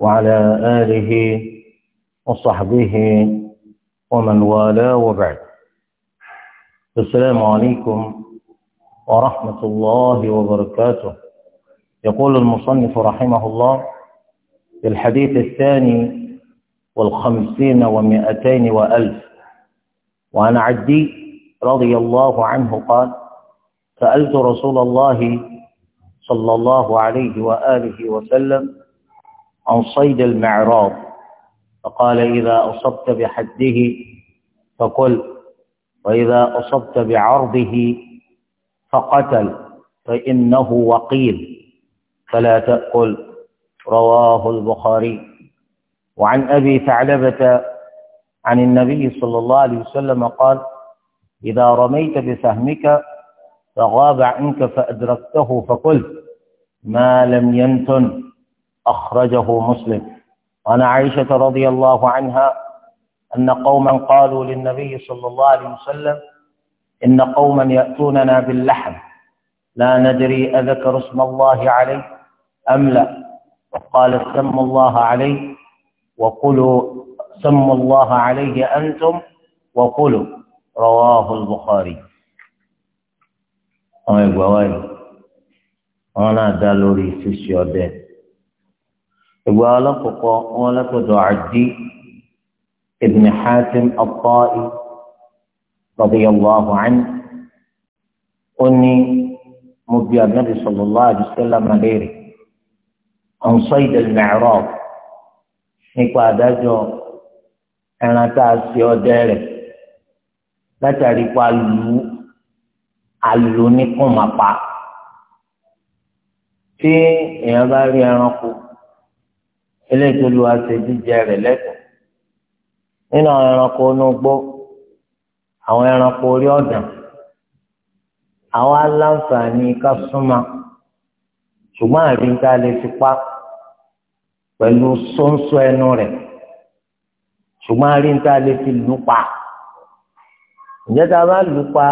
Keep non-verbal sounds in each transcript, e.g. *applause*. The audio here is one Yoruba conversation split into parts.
وعلى آله وصحبه ومن والاه وبعد السلام عليكم ورحمة الله وبركاته يقول المصنف رحمه الله في الحديث الثاني والخمسين ومائتين وألف وعن عدي رضي الله عنه قال سألت رسول الله صلى الله عليه وآله وسلم عن صيد المعراض فقال إذا أصبت بحده فقل وإذا أصبت بعرضه فقتل فإنه وقيل فلا تأكل رواه البخاري وعن أبي ثعلبة عن النبي صلى الله عليه وسلم قال إذا رميت بسهمك فغاب عنك فأدركته فقلت ما لم ينتن أخرجه مسلم وعن عائشة رضي الله عنها أن قوما قالوا للنبي صلى الله عليه وسلم إن قوما يأتوننا باللحم لا ندري أذكر اسم الله عليه أم لا وقال سموا الله عليه وقلوا سموا الله عليه أنتم وقلوا رواه البخاري àwọn ìgbà wáyé wọn náà dá lórí ṣíṣe ọdẹ ìgbà ọlọ́kọ̀ọ́kọ́ wọn lọ́kọ̀ọ́dọ̀ àdí ibn Hatim al-Ta'i radiyallahu anhu ó ní mo bí Ànábì sallallahu alaihi wasallam léèrè an sayd al-mi'raj nípa àdájọ́ ẹran tá a ṣe ọdẹ rẹ̀ látàrí pa lù ú alóníkùnmápa tí èèyàn bá rí ẹranko eléyìí tó lu àṣẹ jíjẹ rẹ̀ lẹ́tọ̀ọ́ nínú àwọn ẹranko inú gbó àwọn ẹranko orí ọ̀dàn àwọn aláǹfààní ká súnmọ́ ṣùgbọ́n àríńká lè fi pa pẹ̀lú sọ́nsọ́ ẹnu rẹ̀ ṣùgbọ́n àríńká lè fi lù pa ǹjẹ́ tá bá lù pa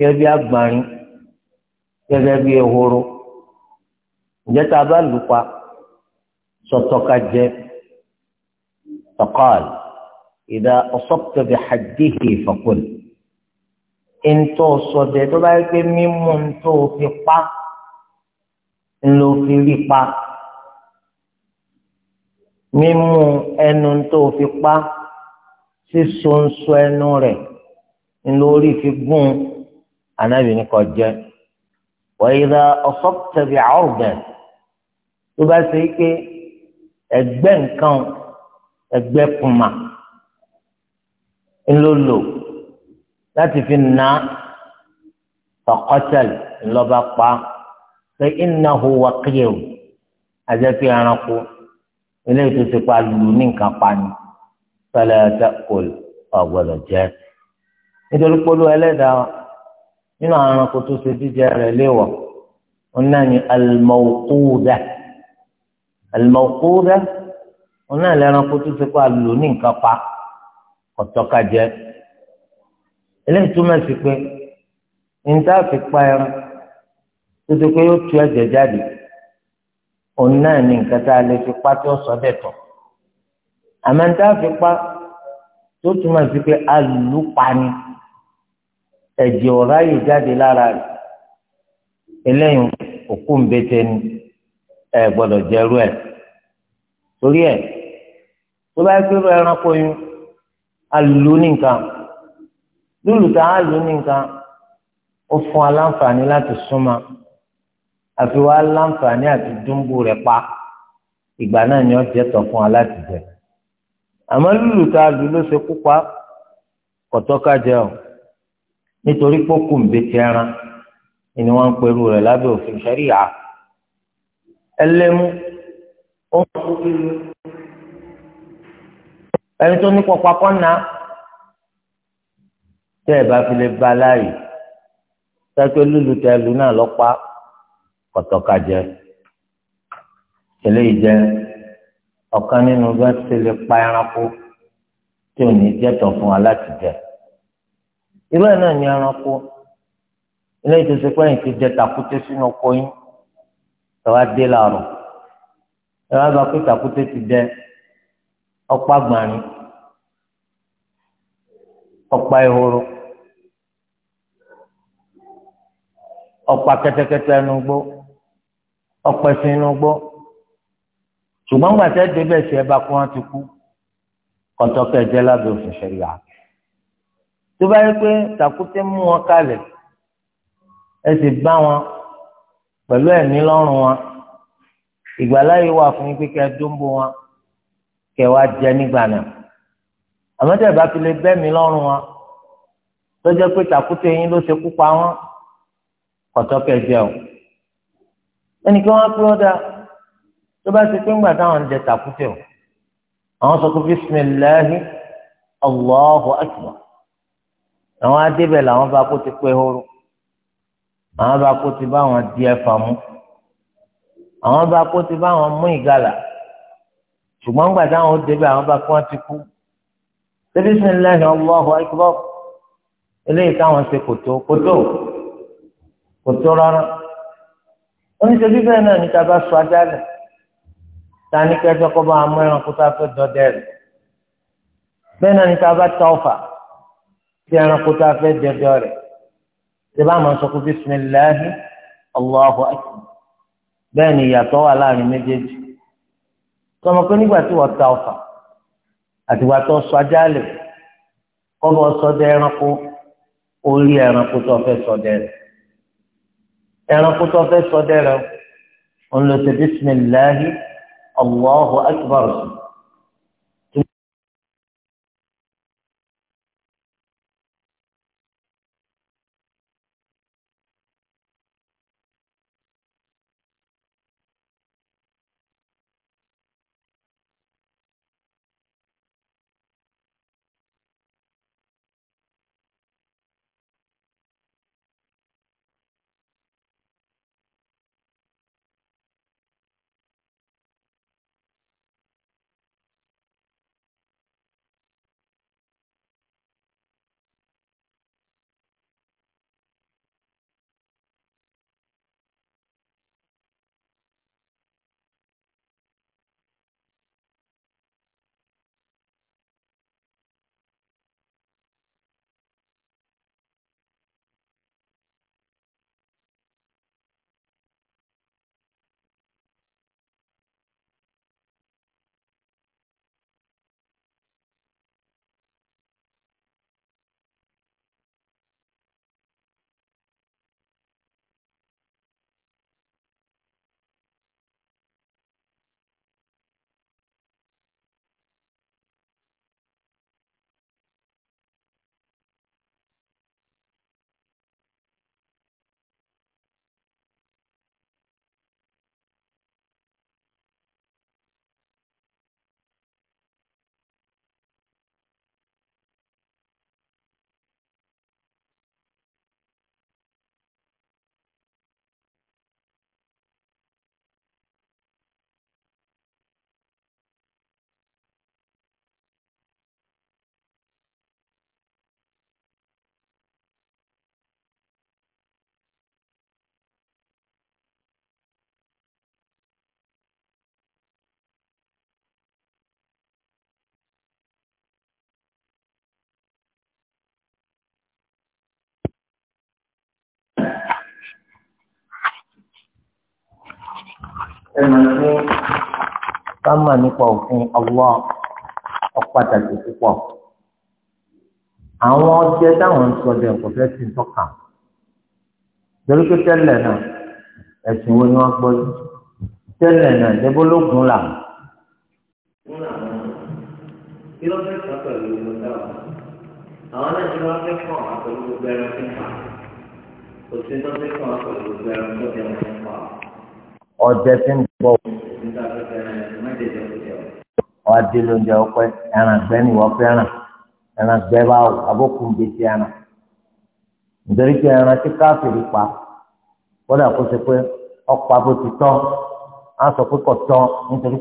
gẹ́gẹ́ bí agbárin gẹ́gẹ́ bí ehoro ǹjẹ́ tá a bá lù pa sọ̀tọ̀ka jẹ tọ̀kọ́l ìdá ọ̀sọ́pùtò bí hajjihi fọ̀kùn ntọ́ sọdẹ tó bá yẹ pé mímú ntọ́ fi pa ńlọ fi rí pa mímú ẹnu ntọ́ fi pa sísọ ẹnu rẹ̀ ńlọ orí fi gún un anábì ní kò jẹ wàyíra ọ̀sọ́tẹ̀bì àrùbẹ̀ tó bá ṣe pé ẹgbẹ́ nǹkan ẹgbẹ́ kùmà ńlọ lò láti fi nà fàkọ́tẹ̀lì ńlọba pa pé iná hu wákìyèwò àjẹpẹ́ ẹranko eléyìí tó ti pa lù ní nǹkan pa ni fẹlẹ́ ẹ̀ta kò ọ̀gbọ́dọ̀ jẹ́ nítorí polówó ẹlẹ́dàá nínú àwọn ẹranko tó ṣe jíjẹ rẹ̀ léèwọ̀ wọn náà ní alimọ̀kúdà alimọ̀kúdà wọn náà lẹ́ranko tó ṣe pa lò ní nǹkan pa ọ̀tọ́kajẹ eléyìí túmọ̀ sí pé níta fi pa ẹran tó ṣe pé yóò tu ẹ̀jẹ̀ jáde òun náà ní nǹkan tá a lè fi pa tí ó sọ bẹ́ẹ̀ tọ̀ àmọ́ níta fi pa tó túmọ̀ sí pé alùpàá ni ẹ̀jẹ̀ ọ̀rá yìí jáde lára rẹ̀ eléyìí òkú ń bete ni ẹ gbọ́dọ̀ jẹrú ẹ̀ torí ẹ̀ tó bá gbérú ẹranko yín alùlù nìkan lùlù tá a lù nìkan ó fún aláǹfààní láti súnmọ́ àfi wá aláǹfààní àti dúnbù rẹ̀ pa ìgbà náà ni ó jẹ́ tán fún aláti jẹ àmọ́ lùlù tá a lù ló ṣe kú pa kọ̀tọ́ka jẹ o nítorí pókù ń ẹran ni wọ́n ń perú rẹ̀ lábẹ́ òfin ṣẹ́ríà ẹlẹ́mú ẹni tó ní pọpọ akọ́nà tẹ́ ẹ bá fi lè ba láàyè sẹ́pẹ́ lùlù tẹ lù náà lọ́pàá kọ̀tọ̀ka jẹ eléyìí jẹ ọ̀kan nínú bá ti lè pa ẹranko tí ò ní jẹ́tọ̀ fún wa láti jẹ irú ẹ̀ náà ni ẹranko ilé ìtòsí pẹ́yìn ti jẹ tàkúté sínú ọkọ yín tọ́wá dé làárọ̀ ẹ wá gba pé tàkúté ti jẹ ọ̀pá gbàrin ọ̀pá ehoro ọ̀pá kẹ́tẹ́kẹ́tẹ́ ẹnu gbó ọ̀pá ẹṣin inú gbó ṣùgbọ́n gbàtẹ́ débẹ̀ sí ẹ bá kó wọn ti kú kọ́ńtọ́kẹ́ jẹ́ lábẹ́ òfin ṣẹ̀ríà tó bá yẹ pé tàkúté mú wọn kalẹ̀ ẹ sì bá wọn pẹ̀lú ẹ̀mí lọ́rùn wọn ìgbàláyé wà fún yín pé kẹ́ ẹ dóńbó wọn kẹ́ ẹ wá jẹ nígbà náà àmọ́ tẹ́ ẹ bá fi lè bẹ́ẹ̀mí lọ́rùn wọn tó jẹ́ pé tàkúté yín ló ṣe kú pa wọn kọ̀tọ́kẹ́ jẹ́ o ẹnìkan wọn pé ọ́dà tó bá ti pé ńgbà táwọn ń jẹ tàkúté o àwọn sọ pé bisimilahi allahu akbar àwọn adébẹ̀ làwọn bá kó ti pé horo àwọn bá kó ti bá wọn di ẹ̀fà mú àwọn bá kó ti bá wọn mú ìgalà ṣùgbọ́n gbà táwọn ó débẹ̀ àwọn bá kó wọn ti kú tẹ́lẹ̀ sí ńlá ìhàn ọlọ́ọ̀hún ẹ̀kọ́ eléyìí táwọn ṣe kòtó kòtó kòtó rárá oníṣẹ́ bíbẹ́ náà ní ká bá sọ ajá ta ní kẹ́jọ́ bá wọn mú ẹranko tá a fẹ́ dọdẹ rẹ̀ bẹ́ẹ̀ náà ní ká bá ta ọfà. tí ẹranko tá a fẹ́ dẹjọ́ rẹ̀ tí bá bisimilahi allahu bẹ́ẹ̀ ni ìyàtọ̀ wà láàrin méjèèjì tọmọ pé nígbà tí wọ́n ta ọfà tó sọ ajálẹ̀ kọ́bọ̀ sọdẹ orí tó fẹ́ sọdẹ rẹ̀ tó fẹ́ sọdẹ rẹ̀ bisimilahi allahu ẹnu tí ká mà nípa òfin ọwọ́ ọ̀pàtàkì púpọ̀ àwọn ọjẹ táwọn ń sọ bẹ́ẹ̀ kò fẹ́ sí tọ́ka torí pé tẹ́lẹ̀ náà ẹ̀sìn wo ni wọ́n gbọ́ yìí tẹ́lẹ̀ náà débólógún là. kí ló fẹ́ sọ pẹ̀lú ìlú dáwà àwọn náà ti wá fẹ́ fún àwọn pẹ̀lú gbogbo ẹran tó ń pa òsì fẹ́ fún àwọn gbogbo ẹran tó ń pa. ọ̀jẹ̀ ti ń bọ́ ọ adé lóúnjẹ ọpẹ ẹran gbẹ ni wọ́n fẹ́ràn ẹran gbẹ bá wò abókùn gbèsè ẹran nítorí pé ẹran tí káfíìrì pa kódà kó ṣe pé ọ̀pá bó ti á sọ pé kò nítorí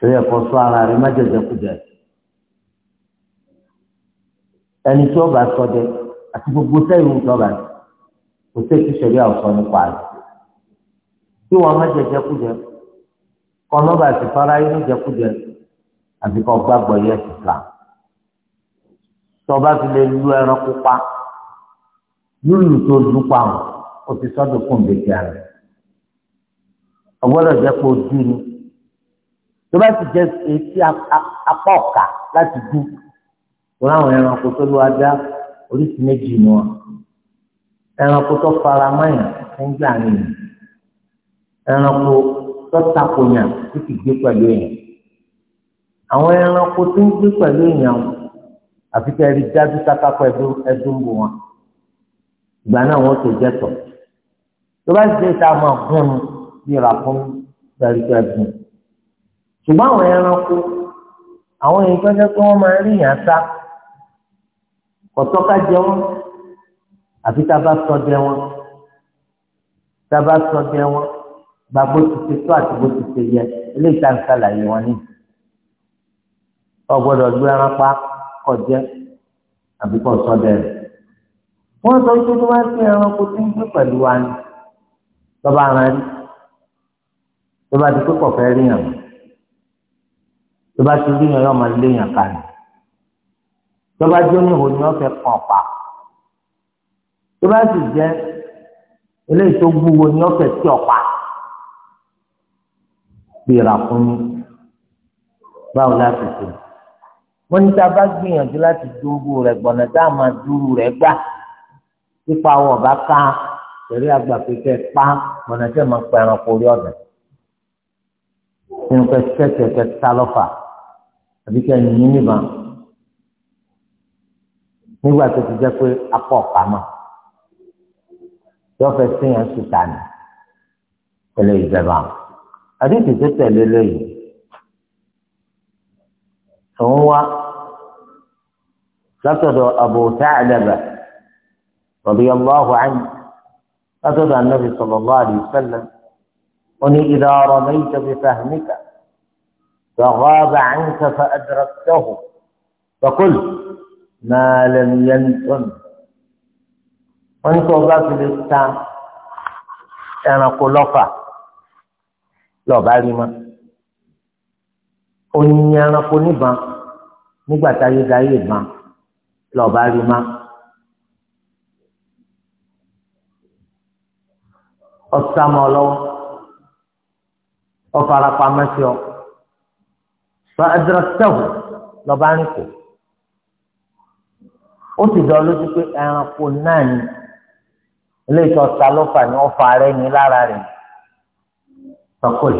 pé yẹ kó sọ ara má jẹjẹ kújẹ ẹni tí ó kí wọn má jẹjẹ kújẹ kọ mọba sì fara yín ní jẹkújẹ àti kọ gbàgbọ́ yẹ sísá tọba fi lè lu ẹran pupa lúlù tó lu pa ọ o ti sọdọ fún bèjì rẹ ọgbọ́dọ̀ jẹ kó dú ni tọba sì jẹ etí apá ọkà láti dú wọn àwọn ẹranko tó lu ajá oríṣi méjì ni wọn ẹranko tó fara mọyàn ń gbà ẹranko tọ́takùnyà tí kì í gbé pẹ̀lú èèyàn àwọn ẹranko tó ń gbé pẹ̀lú èèyàn àfi kẹ́ ẹ̀rí dájú kákákọ́ ẹdún bò wọn ìgbà náà wọ́n tó jẹ́ tọ̀ tó bá ti dé ìta máa gún un bí ra fún gbẹ̀rùgbẹ̀ gùn ṣùgbọ́n àwọn ẹranko àwọn èèyàn tó jẹ́ pé wọ́n máa rí ìyàn sá ọ̀tọ́ká jẹ wọn àfi tá a bá sọ jẹ wọn tá a bá sọ jẹ wọn gba bó ti ṣe tó àti bó ti ṣe yẹ eléyìí tá à ń ṣàlàyé wọn ní. ọgbọ́dọ̀ gbé ẹran pa kọjẹ àbí kọ sọdẹ rẹ. wọ́n sọ pé tó bá sí ẹranko tí ń gbé pẹ̀lú wa ni lọ́ba ara rí tó bá di pé rí yàn tó ti rí yàn yóò máa lé yàn kalẹ̀ tó bá jó ni wọ́n fẹ́ kàn pa tó sì jẹ́ eléyìí tó gbúwo ni wọ́n fẹ́ tí ọ̀pá bíi ràkúnmí báwo láti ṣe wọ́n ní tá a bá gbìyànjú láti dúró rẹ̀ gbọ̀nà tá a máa dúró rẹ̀ gbà pípa àwọn ọ̀bá ká tẹ̀lé àgbà pípẹ́ pa gbọ̀nà tẹ̀ máa pa ẹranko orí ọ̀dà nínú kẹ́kẹ́ kẹ́ sálọ́fà àbí kẹ́ yìnyín níbọn nígbà tó ti jẹ́ pé apá ọ̀pá yọ fẹ́ sí yẹn sùtà ní ẹlẹ́yìí jẹba àwọn. àdìsí tó tẹ̀lé lẹ́yìn òun wá látọ̀dọ̀ Abu Tha'laba radiyallahu anhu látọ̀dọ̀ anabi sallallahu alayhi wa sallam ó ní ìdá ọ̀rọ̀ idha ramayta bi fahmika فغاب عنك فأدركته فقل ما لم ينتن lè وضعت للسام kò lọ́fà. lọ́ọ̀bá rí mọ́ oyin ẹranko níbọn nígbà táyé dáyé ìbọn lọ́ọ̀bá rí mọ́ ọ̀sàmọ̀ ọlọ́wọ́ ọ̀farapamọ́ sí ọ fa adraktahu lọ́ọ̀bá rí kù ó ti dán lójú pé ẹranko náà ni ilé ìtọ́ta ló fà ní ọ̀fà rẹ̀ ní lára rẹ̀ فقل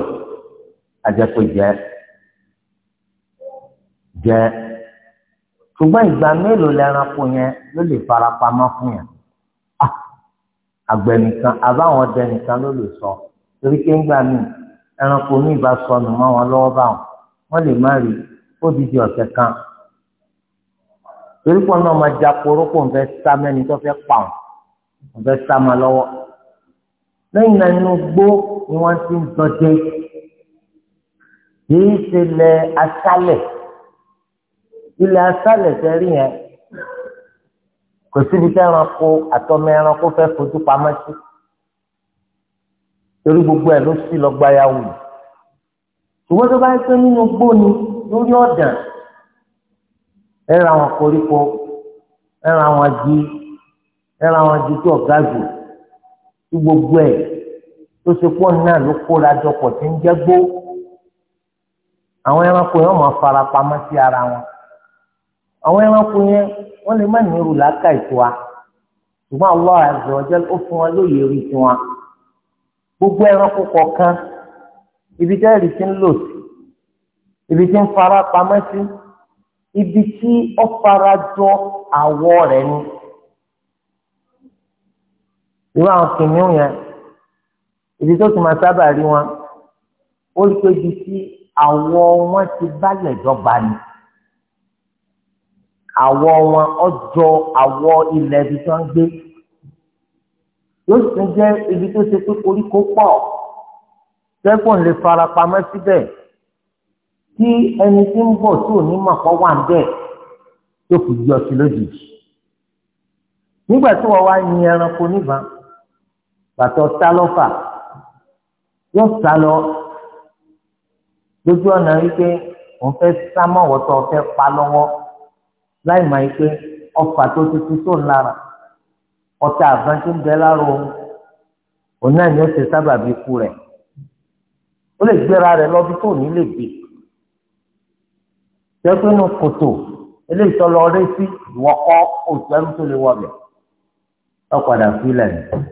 àjẹpé jẹ jẹ ṣùgbọ́n ìgbà mélòó lẹ́ranko yẹn ló lè fara pamọ́ fún yẹn ah, àgbẹ̀nìkan àbáwọn ọdẹnìkan ló lè sọ torí pé ńgbà míì ẹranko ní ìbá sọnù mọ́ wọn lọ́wọ́ báwọn wọ́n lè má rí ó di di ọ̀sẹ̀ kan torí pé ọ̀nà ọmọ ajá korókò ń fẹ́ sá mẹ́ni tó fẹ́ pa ọ́n ń fẹ́ sá ma lọ́wọ́ lẹ́yìn náà inú gbó ni wọ́n ti ń dọdẹ kìí ṣe lẹ̀ aṣálẹ̀ ilẹ̀ aṣálẹ̀ tẹ́ rí yẹn kò síbi tí ẹranko àtọmọ ẹranko fẹ́ fojú pamọ́ sí torí gbogbo ẹ̀ ló sì lọ gbáyàwó yìí ṣùgbọ́n tó bá ń pé nínú gbó ni lórí ọ̀dàn ẹ ra àwọn koríko ẹ ra àwọn jí ẹ ra àwọn jí tó ọ̀gá jù. tí gbogbo ẹ̀ tó ṣe pọ̀ náà ló kóra jọpọ̀ tí ń jẹ́ gbó àwọn ẹranko yẹn máa fara pamọ sí ara wọn àwọn ẹranko yẹn wọ́n lè má nírú làákà ètò wa ṣùgbọ́n Allah azza wa jal ó fún wọn lóye rí tiwọn gbogbo ẹranko kọ̀ọ̀kan ibi tẹ́ ẹ̀rí ti ń lò sí ibi tí ń fara pamọ sí ibi tí ó fara jọ àwọ̀ rẹ̀ ni. irú àwọn kìnìún yẹn ibi tó ti máa sábà rí wọn ó rí pé ibi wọn ti bálẹ̀ dọ́gba ni àwọ̀ wọn ọjọ́ àwọ̀ ilẹ̀ ibi tí wọ́n ń gbé yóò sì tún jẹ́ ibi tó ṣe pé koríko pọ̀ tẹ́gbọ̀n lè fara pamọ́ síbẹ̀ tí ẹni tí ń bọ̀ tí ò ní mọ̀ kọ́ wà ń bẹ̀ tó fi yọ sí lójijì nígbà tí wọ́n wá yin ẹranko níbàá bàtọ sálọfà yóò sálọ lójú ọ̀nà wípé òun fẹ́ sámọ̀wọ́tọ̀ fẹ́ pa lọ́wọ́ láì máa yí pé ọfà tó tuntun tó ń lára ọta àbájú ń bẹ lára òun òun náà ni ó ṣe sábàbí ikú rẹ̀ ó lè gbéra rẹ̀ lọ bí tó ní lè gbé jẹ́pẹ́nu kòtò eléyìí tó lọ rẹ́ sí ìwọ́kọ́ òṣèlú tó lè wọ̀ bẹ̀ ọ̀padà sílẹ̀ nìkan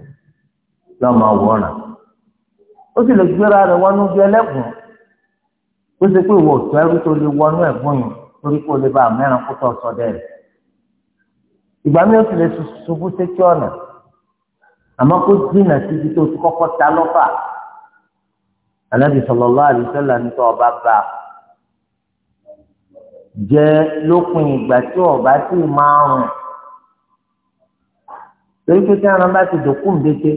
lọ́mọ wọ̀ràn ó sì lè gbéra rẹ̀ wọnú bí ẹlẹ́gùn ó ṣe pé ìwọ òtún ẹrú tó lè wọnú ẹ̀gbọ́n yìí torí kó lè bá mẹ́rin kó tọ̀ sọ dẹ́rẹ̀ ìgbà mi ó sì lè ṣubú sétí ọ̀nà àmọ́ kó dínà síbi tó ti kọ́kọ́ ta lọ́fà ànábì sallallahu alaihi wasallam ní tó ọba bá jẹ lópin ìgbà tí ọba sì máa rùn torí pé kí ẹran bá ti dòkú ń dédé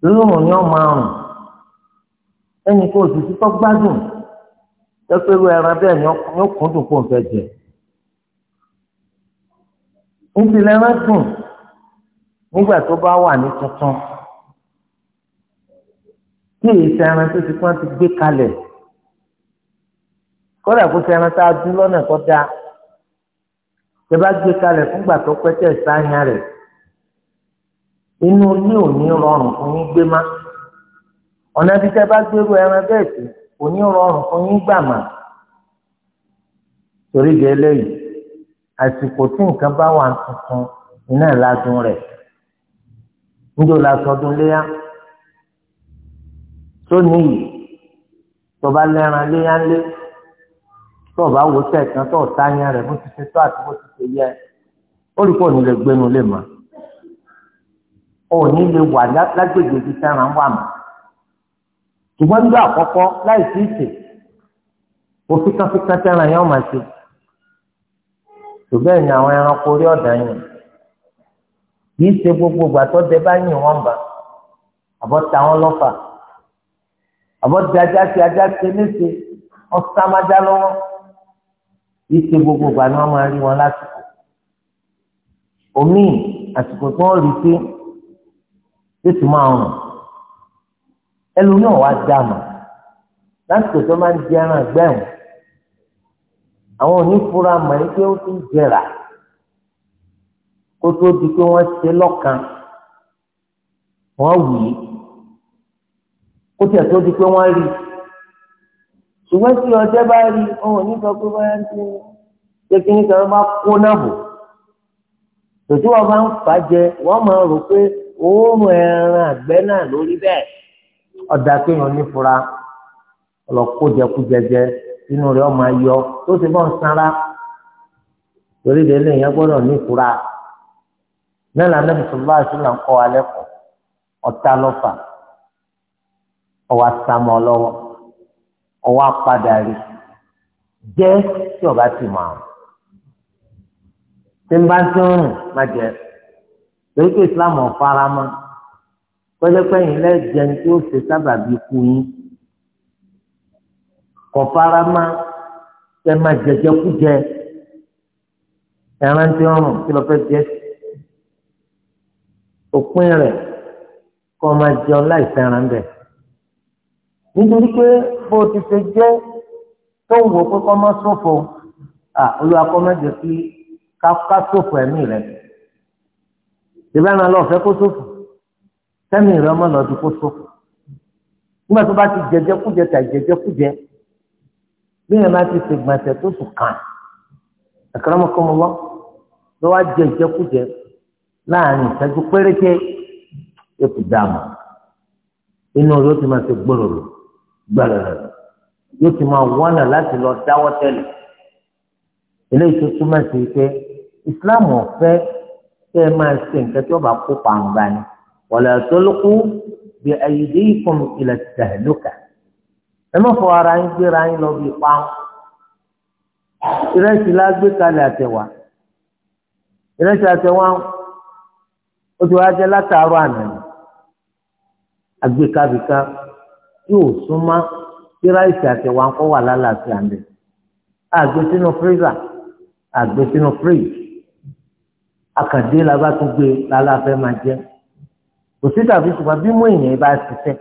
lóòrùn ni ó máa rùn ẹnì kan òṣìṣẹ́ tó gbádùn tẹ́pẹ́rú ẹran bẹ́ẹ̀ ni ó kúndùn kó n fẹ́ jẹ. ìpìlẹ̀ ẹran dùn nígbà tó bá wà ní tuntun kí èsì ẹran tó ti pọ́n ti gbé kalẹ̀ kódà kó ti ẹran tá a dún lọ́nà kó dáa tẹ bá gbé kalẹ̀ fúngbà tó pẹ́ tẹ̀ sáyà rẹ̀ inú ilé ò ní rọrùn fún yín gbé má ọ̀nà bí tẹ́ bá gbérú ẹran bẹ́ẹ̀ sí kò ní rọrùn fún yín gbà má torí di eléyìí àsìkò tí nǹkan bá wà tuntun iná ládùn rẹ̀ níjó la sọdún léyà tó níyì tọba lẹ́ran léyà ńlé tọba wò sẹ̀kan tọ̀ táyà rẹ̀ bó ti ṣe tó àti bó ti ṣe yẹ ó rí pọ̀ nílẹ̀ gbénu lè máa òní lè wà lágbègbè ibi sẹ́ran wà mọ́ ṣùgbọ́n nígbà àkọ́kọ́ láì sí ìsè òfikànfikàn sẹ́ran yẹn máa ṣe ṣùgbọ́n ní àwọn ẹranko orí ọ̀dà yẹn kìí ṣe gbogbo ìgbà tó dé bá yìn wọ́n bá àbọ̀ ta wọ́n lọ́fà àbọ̀ di ajá ṣe ajá ṣe léṣe ọ̀sàmájá lọ́wọ́ kìí ṣe gbogbo ìgbà ni wọ́n máa rí wọn lásìkò omi àsìkò tí wọ́n rí sí yóò tún máa rùn ẹlòmíràn wá dáàmà lásìkò tó máa ń jẹ ẹran gbẹ̀rùn àwọn onífura mọ̀ ní pé ó ti ń jẹrà kó tó di pé wọ́n ṣe lọ́kan wọ́n wì í kó tiẹ̀ tó di pé wọ́n rí i ṣùgbọ́n tí ọjọ́ bá rí i ọ̀hún ní sọ pé báyà ń ti ṣe kí ní kan bá kó náà bò tòtí wọn bá ń fà jẹ wọn máa rò pé oorun ẹran àgbẹ̀ náà lórí bẹ́ẹ̀ ọ̀dà kéèyàn nífura ọlọ́kójẹkújẹjẹ inú rẹ̀ ọmọ ayọ tó ti bọ́ ń sanra torí de ilé yẹn nífura náà lànà bisimilá àṣìlá lọ́fà jẹ́ tí ọba ti àwọn tí bá ń jẹ́. torí pé islam ọ̀farama pẹ́lẹ́pẹ́yìn lẹ́jẹun tí ó ṣe sábà bí kú yín kọ̀farama ẹ máa jẹjẹ kú jẹ ẹran tí ọrùn kí lọ fẹ́ jẹ òpin rẹ̀ kọ́ máa jẹun láì fẹ́ràn bẹ̀ nítorí pé bó ti ṣe jẹ́ tó ń wò pé kọ́ máa ṣòfò olùwàkọ́ máa jẹ kí ká ṣòfò ẹ̀mí rẹ̀ ṣèbá lọ fẹ́ kó sófò sẹ́mi rẹ ọmọ lọ́ọ́ di kó sófò nígbà tó bá ti jẹjẹ kújẹ tà jẹjẹ kújẹ bí yẹn bá ti ṣègbọ̀nsẹ̀ tó sùn kàn àkàràmọ́kọ́mọ́lọ́ lọ́ wá jẹ ìjẹkújẹ láàrin ìṣẹ́jú péréte èkó dààmú inú yóò ti máa ṣe gbòòrò gbòòrò yóò ti máa wọ́nà láti lọ dáwọ́ tẹ́lẹ̀ eléyìí tó túmọ̀ sí pé ìsìláàmù ọ̀fẹ́ kẹ́ ẹ máa ṣe nǹkan tí wọ́n bá kó pàǹgbà ni wala tulqu bi aydikum ila tahluka ẹ má fọ ara yín gbéra yín lọ bí pa ìrẹsì la gbé kalẹ̀ àtẹ̀wà ìrẹsì àtẹ̀wà ó ti wá jẹ́ látàárọ̀ àná ni agbèkabìka yóò súnmọ́ kí ráìsì àtẹ̀wà ńkọ́ wà lálàáfíà ń bẹ̀ sínú fírígà àgbẹ̀ sínú fíríjì akàndé la bá tún gbé lálẹ́ afẹ́ máa jẹ́ kò sí tàbí ṣùgbọ́n bí mú èèyàn bá ṣiṣẹ́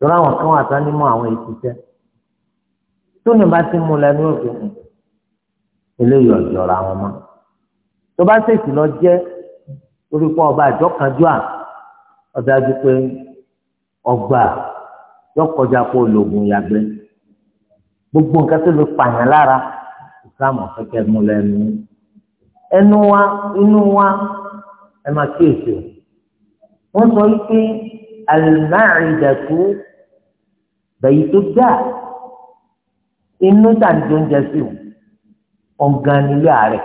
lọ́wọ́ àwọn kan wà sani mú àwọn ìṣiṣẹ́ tó ní bá ti mú lẹ́nu òfin mu eléyìí ọ̀jọ̀ra wọn mọ́ tó bá ṣèṣì lọ jẹ́ torí pé ọba àjọkànjú à ọ̀dájú pé ọgbà yọkọjá kó lògùn yàgbẹ́ gbogbo nǹkan tó lè pààyàn lára ìsìlámù ọ̀fẹ́kẹ́ mú lẹ́nu ẹnu wa inú wa ẹ máa kíyèsí o wọ́n sọ wípé àlùmáàrídàtú bẹ̀yì tó dà inú tàǹtí oúnjẹ sí o ọ̀gàn nílé ààrẹ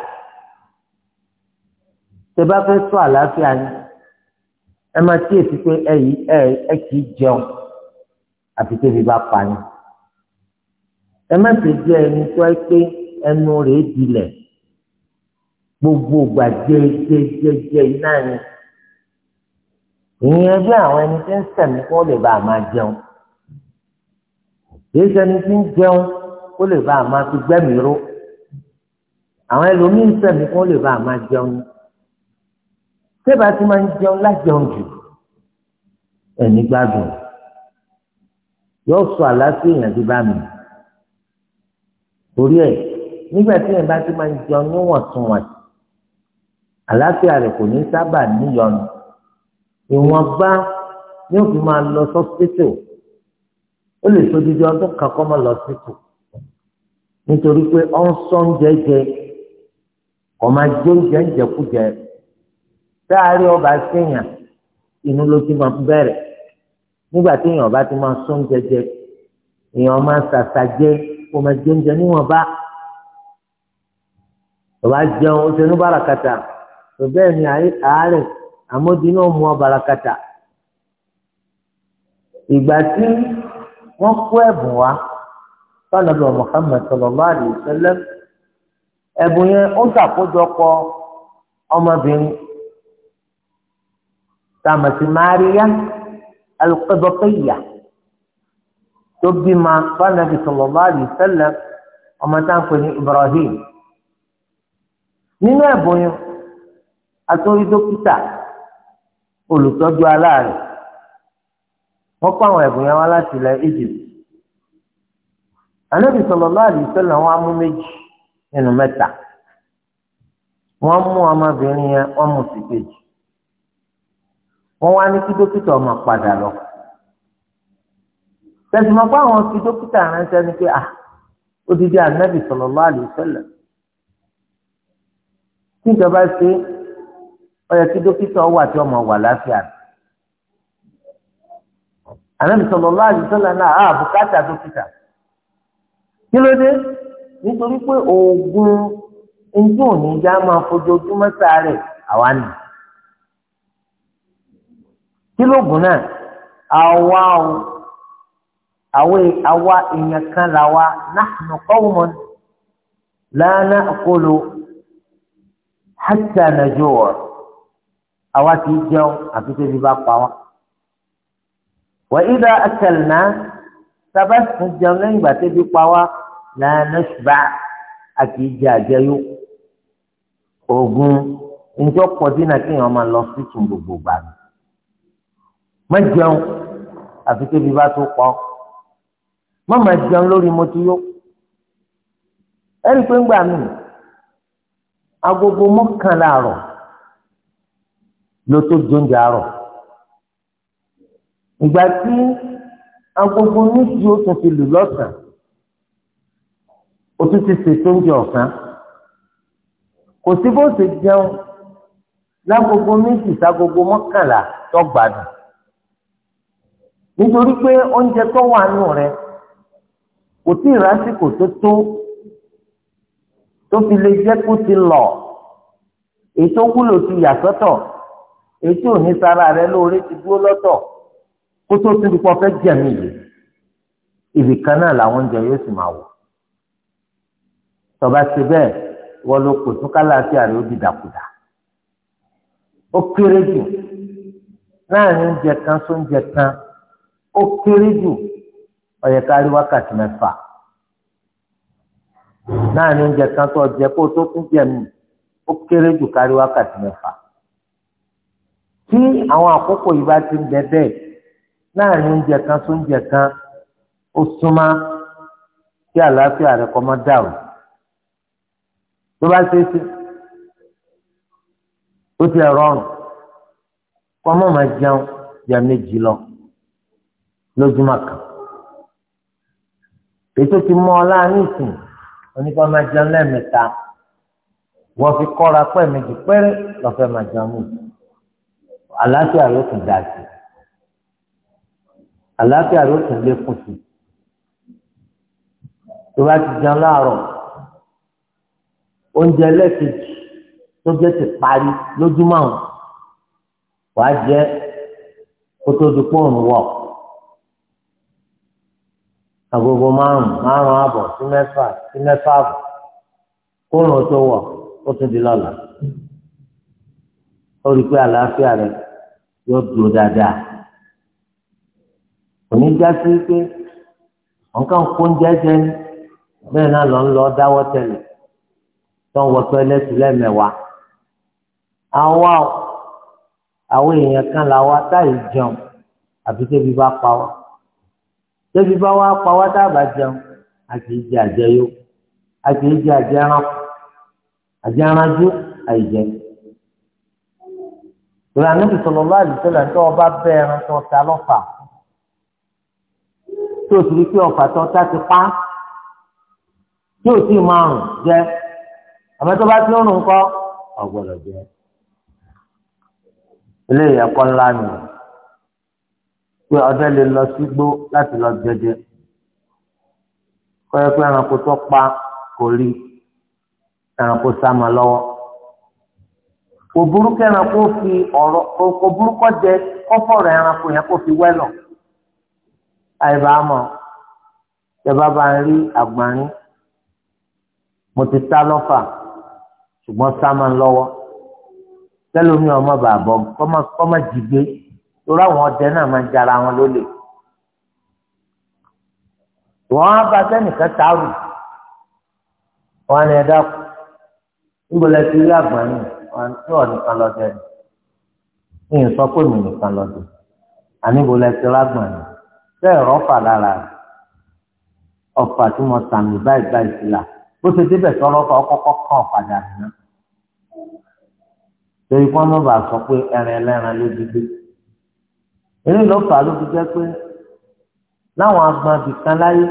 tẹ bá fẹ́ tó àlàáfíà ni ẹ máa kíyèsí pé ẹ yìí ẹ ẹ kì í jẹun àfi tẹ́bi bá pa ni ẹ má ṣe jẹ́ ẹni tó ẹ pé ẹnu rèé dilẹ̀ gbogbo ìgbà jẹjẹjẹjẹ iná ni ìyẹn bí àwọn ẹni tí ń sẹ̀mí kó lè bá a máa jẹun kìí ṣẹni tí ń jẹun kó lè bá a máa fi gbẹ́mìí ró àwọn ẹlòmíín sẹ̀mí kó lè bá a máa jẹun ni sẹ́bàá tí máa ń jẹun lájẹun jù ẹ̀mí gbádùn yóò sọ àlàáfíà èèyàn ti bá mi torí ẹ̀ nígbà tí èèyàn bá ti máa ń jẹun níwọ̀ntúnwọ̀nsì àlàáfíà rẹ̀ kò ní sábà níyọnu ìwọ̀nba ni ó fi máa lọ sọ́sítò ó lè sojúdí ọdún kan kọ́ mọ́ lọ sítò nítorí pé ó ń sọ oúnjẹ jẹ kò máa jẹ oúnjẹ ń jẹkújẹ sáárẹ̀ ọba séèyàn inú ló ti máa bẹ̀rẹ̀ nígbà tí èèyàn bá ti máa sọ oúnjẹ jẹ èèyàn máa ṣàṣà jẹ kò máa jẹ oúnjẹ níwọ̀nba ọba jẹun ó ṣe ní bàràkàtà tó bẹ́ẹ̀ ni àárẹ̀ àmódi náà mú ọ barakata ìgbà tí wọ́n kó ẹ̀bùn wá sọ́nàbọ̀ Muhammad sallallahu alaihi wasallam ẹ̀bùn yẹn ó ṣàkójọpọ̀ ọmọbìnrin tàmàtì Máríyá alùpẹ̀bọ̀pẹ̀yà tó bímọ sọ́nàbì sallallahu alaihi wasallam ọmọ táǹpẹ̀ ní Ibrahim nínú ẹ̀bùn yẹn atúnrí dókítà olùtọ́jú aláàrẹ̀ wọ́n kọ́ àwọn ẹ̀bùn yẹn wá láti ilẹ̀ Egypt ànábì sallallahu alaihi wasallam wọ́n á mú méjì nínú mẹ́ta wọ́n mú ọmọbìnrin yẹn wọ́n mú sí kejì wọ́n wá ní kí dókítà ọmọ padà lọ tẹ̀sùn mọ́ pé àwọn fi dókítà ránṣẹ́ ni pé ah odidi ànábì sallallahu alaihi wasallam tí ìjọba ṣe ó yẹ kí dókítà wà tí ọmọ wà láfíà ànábì sallallahu alaihi wasallam náà á ah, bùkátà dókítà kí ló dé nítorí pé oògùn njó ní já máa fojoojúmọ́ sáré àwa nì kí lóògùn náà àwa o àwa àwa èèyàn kan làwa nahnu qawmun la na'kulu hatta najur àwa kì í jẹun àti tẹ́bi bá pa wá. wà ìdá akẹ́lẹ́nà sábà sùn jẹun lẹ́yìn ìgbà tẹ́bi pa wá lànà ṣùgbà a kì í jẹ àjẹyó. oògùn njọ pọ̀ dínà kéèyàn máa lọ sí tún gbogbo gbà mí. má jẹun àti tẹ́bi bá tó pọ̀ má má jẹun lórí mo ti yó. ẹ̀rí pé ń gbà mí agogo mọ́kànlá àrọ̀ ló tó jóúnjẹ àárọ̀ ìgbà tí agogo méjì ó tún ti lù lọ́sàn ó tún ti ṣètò oúnjẹ ọ̀sán kò sí bó ṣe jẹun lágogo méjì ságogo mọ́kànlá tó gbádùn nítorí pé oúnjẹ tó wà nù rẹ kò tí ì rásìkò tó tó tó fi lè jẹ́ kó ti lọ èyí tó wúlò ti yà sọ́tọ̀ ètò onísàrà rẹ lóore ti dúró lọ́tọ̀ kó tó tún dupọ fẹ jẹmí yìí ibì kan náà làwọn oúnjẹ yóò sì máa wò tọba ṣe bẹ́ẹ̀ wọn ló kò tún kálàáfíà rẹ ó di dàkúdà ó kéré jù láàrin oúnjẹ kan sóúnjẹ kan ó kéré jù ó yẹ wákàtí mẹ́fà láàrin oúnjẹ kan tó ọjẹ kó tó tún jẹmí ó kéré jù ká wákàtí mẹ́fà tí àwọn àkókò yìí bá ti ń bẹ bẹ́ẹ̀ láàrin oúnjẹ kan tó oúnjẹ kan ó súnmá kí àlàáfíà rẹ kọ́ mọ́ dà o tó bá ṣe é ṣe ó ti rọrùn kọ́ mọ́ máa jẹun jẹ méjì lọ lójúmọ́ kan ètò ti mọ́ ọ láàrin ìsìn oníkọ́ máa jẹun lẹ́ẹ̀mẹ́ta wọ́n fi kọ́ra pẹ́ẹ́mẹ́jì péré lọ́fẹ́ máa jẹun nìyí àlàáfíà yóò tún dáa sí àlàáfíà yóò tún lékún sí tó bá ti jẹun láàárọ̀ oúnjẹ ẹlẹ́kejì tó jẹ́ ti parí lójúmọ́ àwọn wàá jẹ kótó dupò òun wọ̀ agogo márùn márùn àbọ̀ sí mẹ́fà sí mẹ́fà àbọ̀ kóòrùn tó wọ̀ ó tún di lọ́la ó rí i pé àlàáfíà rẹ yóò dúró dáadáa òní já sí pé nǹkan kó ń jẹ́jẹ́ ní bẹ́ẹ̀ náà lọ ń lọ dáwọ́ tẹ̀lé tó ń wọ́pẹ́ lẹ́sùn lẹ́mẹ̀wá àwa àwọn èèyàn kan làwa táyì jẹun àbí tẹ́bi bá pa wá tẹ́bi bá wá pa wá táàbà jẹun a kì àjẹyó a kì í àjẹrán àjẹránjú àìjẹ ìrora níbi sọ̀rọ̀ lọ́wọ́ àdìsẹ́lẹ̀ tó ọba bẹ́ ẹran tó ọta lọ́fà tó o ti rí pé ọ̀fà tó ọta ti pa tí o ti máa rùn jẹ àmọ́ tó bá ti rùn kọ́ ọ̀gbọ́dọ̀ jẹ ilé ẹ̀kọ́ ńlá nù pé ọdẹ lè lọ sígbó láti lọ jẹjẹ kọ́ ẹ pé ẹranko tó pa kò rí ẹranko sá ma lọ́wọ́ kò burúkú ẹranko fi ọ̀rọ̀ kò burúkú jẹ kọ́fọ̀rọ̀ ẹranko yẹn kó fi wẹ́lọ̀ àìbámọ̀ ìjọba bá ń rí àgbọ̀nrín mo ti sá lọ́fà ṣùgbọ́n sá máa ń lọ́wọ́ tẹ́lómi ọmọ bàbọ̀ kọ́mọ jìgbé torí àwọn ọdẹ náà máa ń jara wọn lólè wọ́n á bá sẹ́nìkan tààrù wọ́n á ní ẹ̀dá kù níbo lẹ rí àgbọ̀nrín tí wọn nìkan lọ dẹ ní sọ pé mi nìkan lọ dẹ àníbo lẹsẹ lágbọn ni bẹ́ẹ̀ rọfà lára ọfà tí mo sàmì báyìí báyìí sí la bó ṣe débẹ̀ tọrọ fà ọkọkọ kàn padà nìyẹn torí kí wọn má bàa sọ pé ẹran ẹlẹ́ran ló dídé èyí ló fà ló fi jẹ́ pé láwọn agbọ̀n bìkan láyé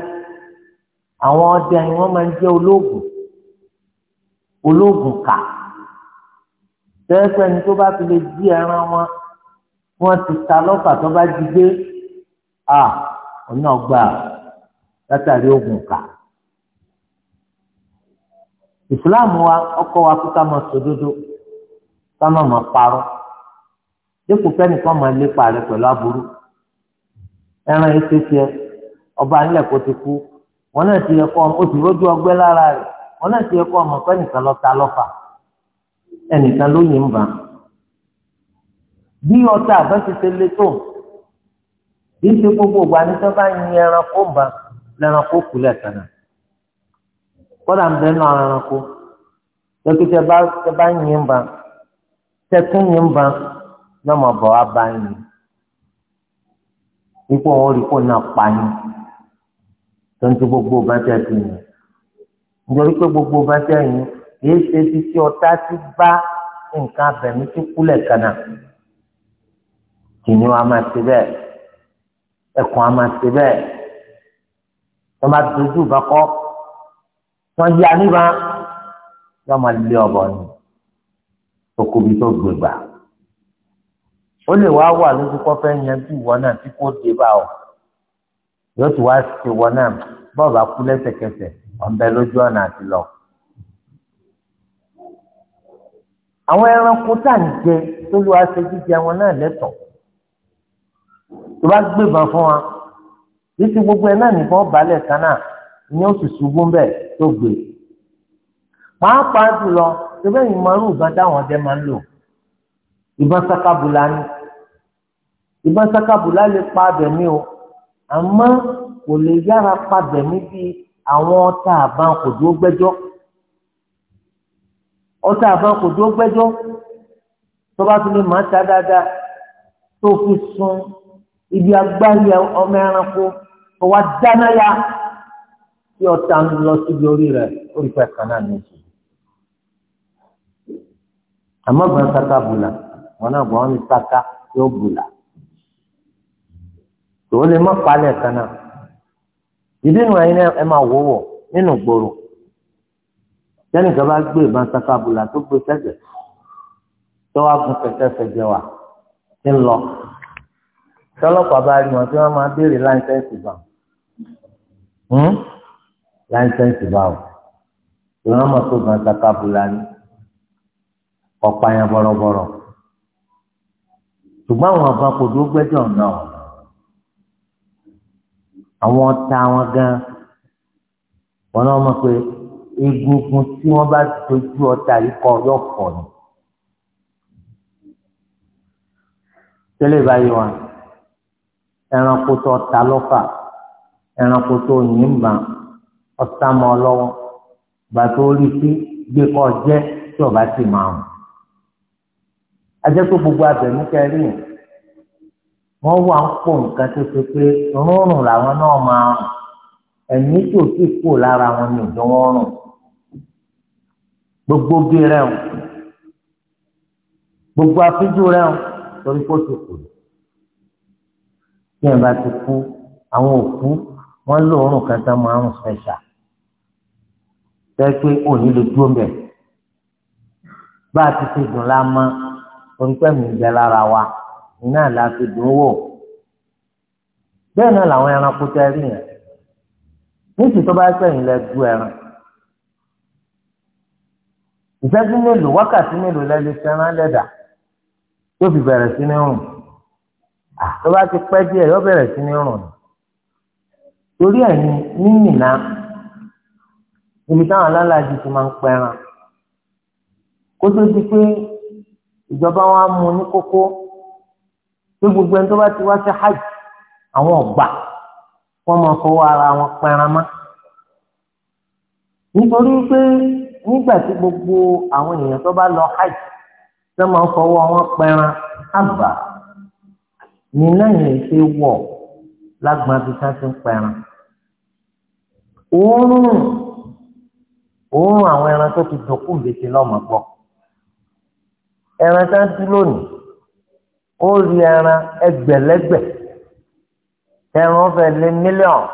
àwọn ọdẹ ni wọ́n máa ń jẹ́ olóògùn olóògùn kà tẹ́sẹ̀ ní tó bá ti lè di ẹran wọn wọ́n ti ta lọ́fà tó bá di gbé à ọ̀nà ọgbà látàrí ogun kà. ìsìláàmù wa ọkọ wa kó ká máa sòdodo ká máa máa parọ́ dípò fẹ́nìkan máa lépa rẹ pẹ̀lú aburú ẹran ètò tiẹ̀ ọba nílẹ̀ kó ti kú wọn náà ti yẹ kọ́ ọ ti rójú ọgbẹ́ lára rẹ̀ wọn náà ti yẹ kọ́ ọmọ fẹ́nìkan lọ́ta lọ́fà ẹnìkan ló yìn bá bí ọ̀tá àbá ti ṣe lé tó kì í ṣe gbogbo ìgbà ní tó bá yin ẹranko bá lẹranko kù lẹ́ẹ̀kan náà kọ́dà ń bẹ nù ẹranko dókítà bá tẹ bá yin bá tẹkún yin bá lọ́mọ bọ̀ wá bá yin ipò wọn rí kó náà pa yín tó ń tó gbogbo bá tẹ̀ sí yín nítorí pé gbogbo bá tẹ̀ yín kìí ṣe ibi tí ọ̀tá ti bá nǹkan abẹ̀mí tí kúlẹ̀ kanna kìnìún a máa ṣe bẹ́ẹ̀ ẹkùn a máa ṣe bẹ́ẹ̀ wọ́n máa dojú bá kọ́ wọ́n yí aníbá yọ́n máa lé ọ̀bọ ni okòbí tó gbégbá ó lè wá wà lójú kọfẹ yanjú ìwọ náà tí kò dé bá ọ yóò tún wá ṣe ìwọ náà bọ́ọ̀bù akú lẹ́sẹ̀kẹsẹ̀ ọ̀nbẹ lójú ọ̀nà àti lọ. àwọn ẹranko tá à ń jẹ tó lu aṣọ jíjẹ wọn náà lẹ́tọ̀ tó bá gbébọn fún wa títí gbogbo ẹ náà nìkan balẹ̀ kan náà ìyẹn ó sì ṣubú bẹ́ẹ̀ tó gbé pàápàá jùlọ ṣẹbẹ́ ìmọ̀rú ìbọn táwọn ọdẹ máa ń lò ìbọn sakabula ni ìbọn sakabula lè pa abẹ̀mí o àmọ́ kò lè yára pa abẹ̀mí bíi àwọn ọta àbá kò dúró gbẹ́jọ́ ọtá àbọn kò dúró gbẹ́jọ́ tọba tó lè máa ta dáadáa tó fi sun ibi agbárí ọmọ ẹranko tó dáná ya tí ọtá ń lọ síbi orí rẹ̀ orí pẹ kan náà ní ìṣe àmọ́ gbọn saka bùlà wọn náà gbọn ní saka yóò bùlà tòun lè má palẹ̀ kan ìdí nu ẹ̀yin ẹ máa wọ́wọ́ nínú gbòòrò tẹnìkan bá gbé ìbọn sakabula tó gbé sẹgbẹ tó wá gun kẹ̀kẹ́ fẹjẹ wa ti ń lọ tọlọ́pàá bá rí wọn tí wọn máa béèrè láńsẹǹsì bá hmm? láńsẹǹsì bá o ìwọn mọ tó gan sakabula ni ọ̀pá yẹn bọ̀rọ̀bọ̀rọ̀ ṣùgbọ́n àwọn ọba kò dúró gbẹ́jọ́ náà àwọn ọ̀tá wọn gan wọn náà mọ̀ pé egungun tí wọ́n bá dojú ọta yìí kọ yọ fọ ni. tẹ́lẹ̀ báyìí wọn ẹranko tó ta lọ́fà ẹranko tó yìn mà ọ̀tá mọ́ ọ lọ́wọ́ bàtà orí sí gbé kọ́ jẹ́ tí ọba sì máa hàn. ajẹ́ pé gbogbo abẹ̀mí kẹrí yẹn wọ́n wà ń pò nǹkan tó ṣe pé rúnrùn làwọn náà máa hàn ẹ̀mí tí ò kú lára wọn ní ìdánwò rùn gbogbo gé rẹ o gbogbo afíjú rẹ o torí kó ti kù tí ẹ bá ti kú àwọn òkú wọn lóorùn kẹta máa ń fẹsà tẹ́tí òní lè dúró mbẹ bá a ti ti dùn la mọ torí pé mi ń lára wa iná la fi dùn wò bẹ́ẹ̀ náà làwọn ẹranko tẹ́ rí yẹn ní ìsìn tó bá sẹ́yìn lẹ ẹran ìṣẹ́jú mélòó wákàtí mélòó lẹ́lẹ́ fẹ́ràn lẹ́dà tó fi bẹ̀rẹ̀ sí ní rùn tó bá ti pẹ́ díẹ̀ yóò bẹ̀rẹ̀ sí ní rùn torí ẹ̀yin níyìnà ibi táwọn alálàájì ti máa ń pẹran kó tó di pé ìjọba wa mú ní kókó pé gbogbo ẹni tó bá ti wá sí hajj àwọn ọgbà wọn máa fọwọ́ ara wọn pẹran mọ́ nítorí pé nígbà tí gbogbo àwọn èèyàn tó bá lọ hajj tó máa ń fọwọ́ wọn pẹran àbà ní lẹ́yìn èsè wọ̀ lágbọn bí ká ti ń pẹran òórùn òórùn àwọn ẹran tó ti dọ̀kú létí lọ́mọ gbọ́ ẹran tá ń dín lónìí ó rí ẹran ẹgbẹ̀lẹ́gbẹ̀ ẹran fẹ́ lé mílíọ̀nù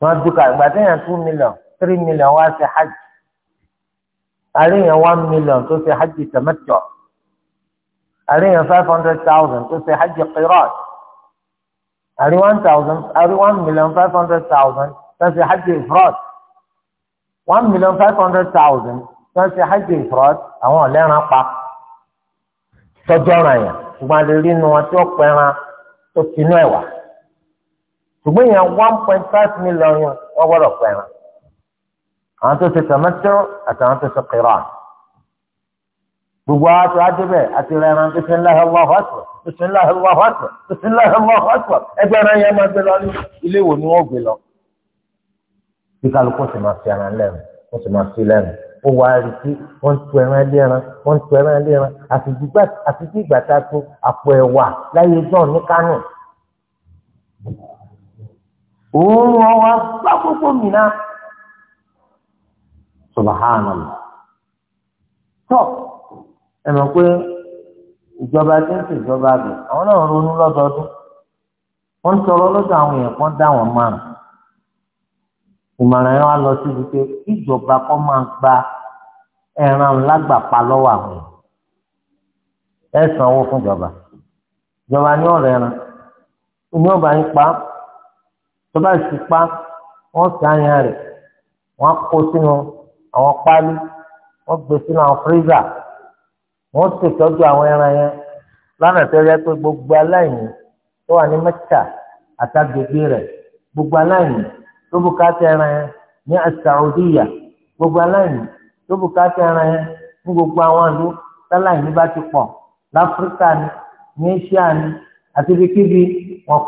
wọn dúkà ìgbà téèyàn two million three million wá sí hajj àríyàn one million tó ṣe hajj tamattu àríyàn five hundred thousand tó ṣe hajj qirat àrí one thousand àrí one million five hundred thousand tó ṣe hajj ifrat one million five hundred thousand tó ṣe hajj ifrat àwọn ọ̀lẹ́ran pa tọ́jọ́ra yẹn ṣùgbọ́n a inú wọn tí ó pẹ́ran tó tinú ẹ̀wà ṣùgbọ́n yẹn one point five million wọ́n gbọ́dọ̀ pẹ́ran àwọn tó ṣe tàmátọ́ àtàwọn tó ṣe kìrán gbogbo àwọn tó adébẹ̀ àti rẹ̀ran bisimilahi allahu akbar bisimilahi allahu akbar bisimilahi allahu akbar ẹgbẹ́ ara yẹn máa gbé lọ ilé ìwò ni wọ́n gbé lọ. bí kálukú sì máa fi ara lẹ́nu wọ́n sì máa fi lẹ́nu ó wá rí sí wọ́n tu ẹran ilé ẹran wọ́n tu ẹran ilé àti bí ìgbà tó àpò ẹ̀wà láyé john ní kánò. òun wọn wá gbá gbogbo mìíràn subhanallah tó ẹ mọ̀ pé ìjọba tí ń ṣèjọba bì àwọn náà ronú lọ́dọọdún wọ́n ń tọrọ lọ́dọ̀ àwọn èèyàn kan dá wọn márùn ìmọ̀ràn yẹn wá lọ síbi pé ìjọba kọ́ máa gba ẹran lágbàpá lọ́wọ́ àwọn ẹ̀ sanwó fún ìjọba ìjọba ní ọ̀rẹ́ ẹran ìní ọba yín pa tó bá sì pa wọ́n sàáyàn rẹ̀ wọ́n kó sínú. àwọn páálí wọn gbé sínú àwọn fírísà wọ́n ṣètọ́jú àwọn ẹran yẹn lánàá tó yẹ pé gbogbo aláìní tó wà ní àtàgbègbè gbogbo aláìní tó bùkátà ẹran yẹn ní gbogbo aláìní tó bùkátà ẹran yẹn ní gbogbo àwọn àdó bá ti láfíríkà ni ní Asia ni àti ibikíbi sí wọn.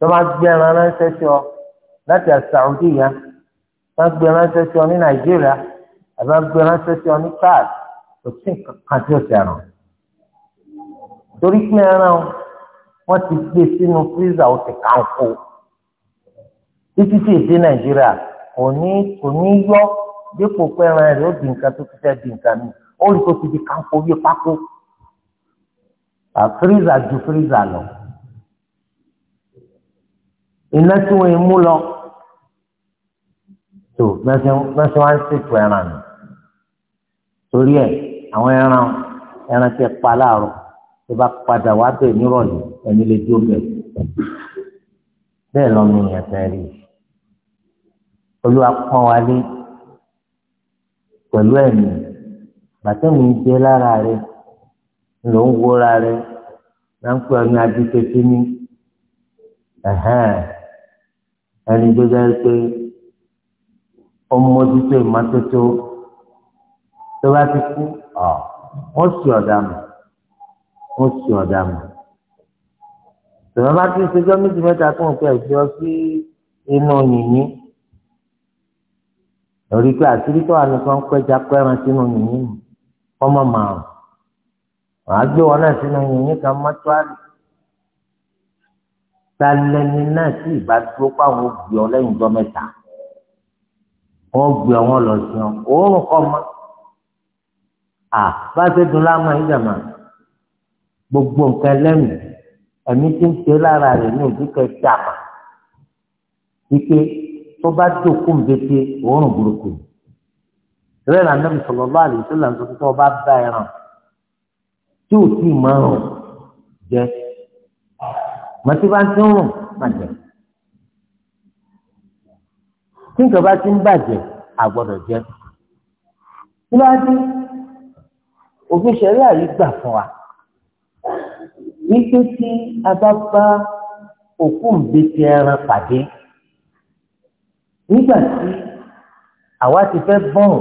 tó gbé wọ́n gbé ránṣẹ́ sí ọ ní nàìjíríà àbí wọ́n gbé ránṣẹ́ sí ọ ní káàdì kò sí nǹkan tí ó ti ràn. torí pé ẹran wọn ti gbé sínú fírísà ó ti kàn kó títí tí èdè nàìjíríà kò ní kò ní yọ dípò pé ẹran rẹ̀ ó di nǹkan tó ti fẹ́ di nǹkan mi ó rí kó ti di kàn kó yé pákó fírísà ju fírísà lọ iná tí lọ tó lọ́sẹ̀ wá ń ṣètò ẹran nù torí ẹ̀ àwọn ẹran ẹran tẹ pa láàárọ̀ tó bá padà wá bẹ̀ nírọ̀lẹ́ ẹni lè dúró bẹ̀ bẹ́ẹ̀ lọ́mọ èèyàn fẹ́ rí olúwa pọ́n wa lé pẹ̀lú ẹ̀mí bàtẹ́mi ń jẹ́ lára rẹ ló ń wóra rẹ náà ń pè ọ́ ní ẹni tó jẹ́ pé ó mójútó ìmọ́tótó tó bá ti kú ọ̀ wọ́n sì ọ̀dà mọ̀ wọ́n sì ọ̀dà mọ̀ tòun bá ti ṣe jọ́ méjì mẹ́ta tó ń pẹ́ ìjọ sí inú yìnyín lórí pé àtúrí tó wà nìkan pẹ́jà pẹ́ran sínú yìnyín fọ́mọ màrún wàá gbé wọn náà sínú yìnyín kan mọ́túárì ta náà sì ìbá dúró páwọn òbí ọ lẹ́yìn jọ wọ́n gbé àwọn lọ sí wọn òórùn kọ́ mọ́ à bá a ṣe dùn láàmú yìí dàmà gbogbo nǹkan lẹ́mìí ẹ̀mí ti ń ṣe lára rẹ̀ ní òdìkẹ́ dàmà wípé tó bá dòkú nbẹ́tẹ́ òórùn burúkú rẹ̀ là nàbì sallallahu alaihi wasallam tó tó bá bá ẹran tí ò tí ì máa rùn jẹ màtí bá ń tí rùn má jẹ tí nǹkan bá ti ń bàjẹ́ àgbọ́dọ̀ jẹ́ kí ló dé òfin ṣẹlẹ̀ àrí gbà fún wa wípé tí a bá bá òkú ìgbésí ẹran pàdé nígbà tí àwa ti fẹ́ bọ̀rùn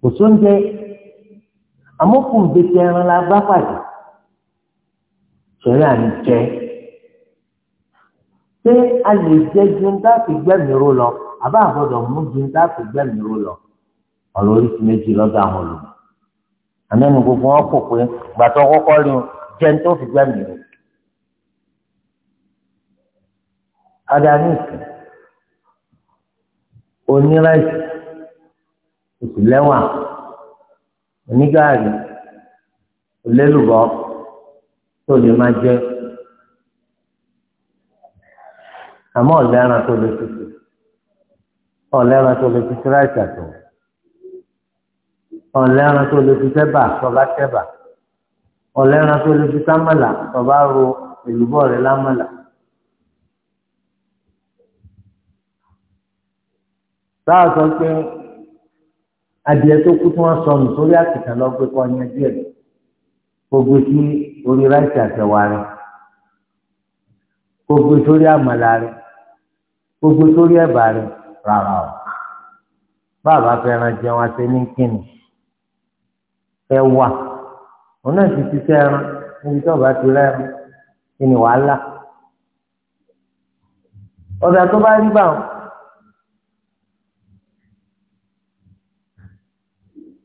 kò sóúnjẹ àmọ́kù ìgbésí ẹran la bá pàdé ṣẹlẹ̀ àrí jẹ́ ṣé a lè jẹ ju ń dá fi gbẹmìíró lọ àbá àgbọ́dọ̀ mú ju ń dá fi gbẹmìíró lọ ọ̀rọ̀ oríṣi méjì lọ́dọ̀ àwọn olùkọ́ àmẹnu gbogbo wọn kò pé gbàtọ kọ́kọ́ rí jẹ ń tó fi gbẹmìíró adarí ìsìn onírẹsì òsìlẹwà onígààrí olélùbọ tó lè máa jẹ. àmọ́ ọ̀lẹ́ran tó lè tutù ọ̀lẹ́ran tó lè tutù ráìsì àtọ̀ ọ̀lẹ́ran tó lè tutù ẹ̀bà tọ́ba tẹ́bà ọ̀lẹ́ran tó lè tutù àmàlà tọ́ba ro èlùbọ́ rẹ̀ lámàlà. báwo sọ pé adìẹ tó kú tí wọ́n sọnù sórí àkìtàn lọ gbé kọ́ yẹn díẹ̀ gbogbo sí orí ráìsì àtẹ̀wá rẹ̀ gbogbo sórí àmàlà rẹ̀ gbogbo sórí ẹ̀bà rẹ̀ rárá o bàbá fẹ́ràn jẹun àti níkìnnì ẹwà òun náà ti ṣiṣẹ́ ẹran níbi tí ọba ti rẹ́rùn kí ni wàhálà ọ̀dà tó bá rí báwọn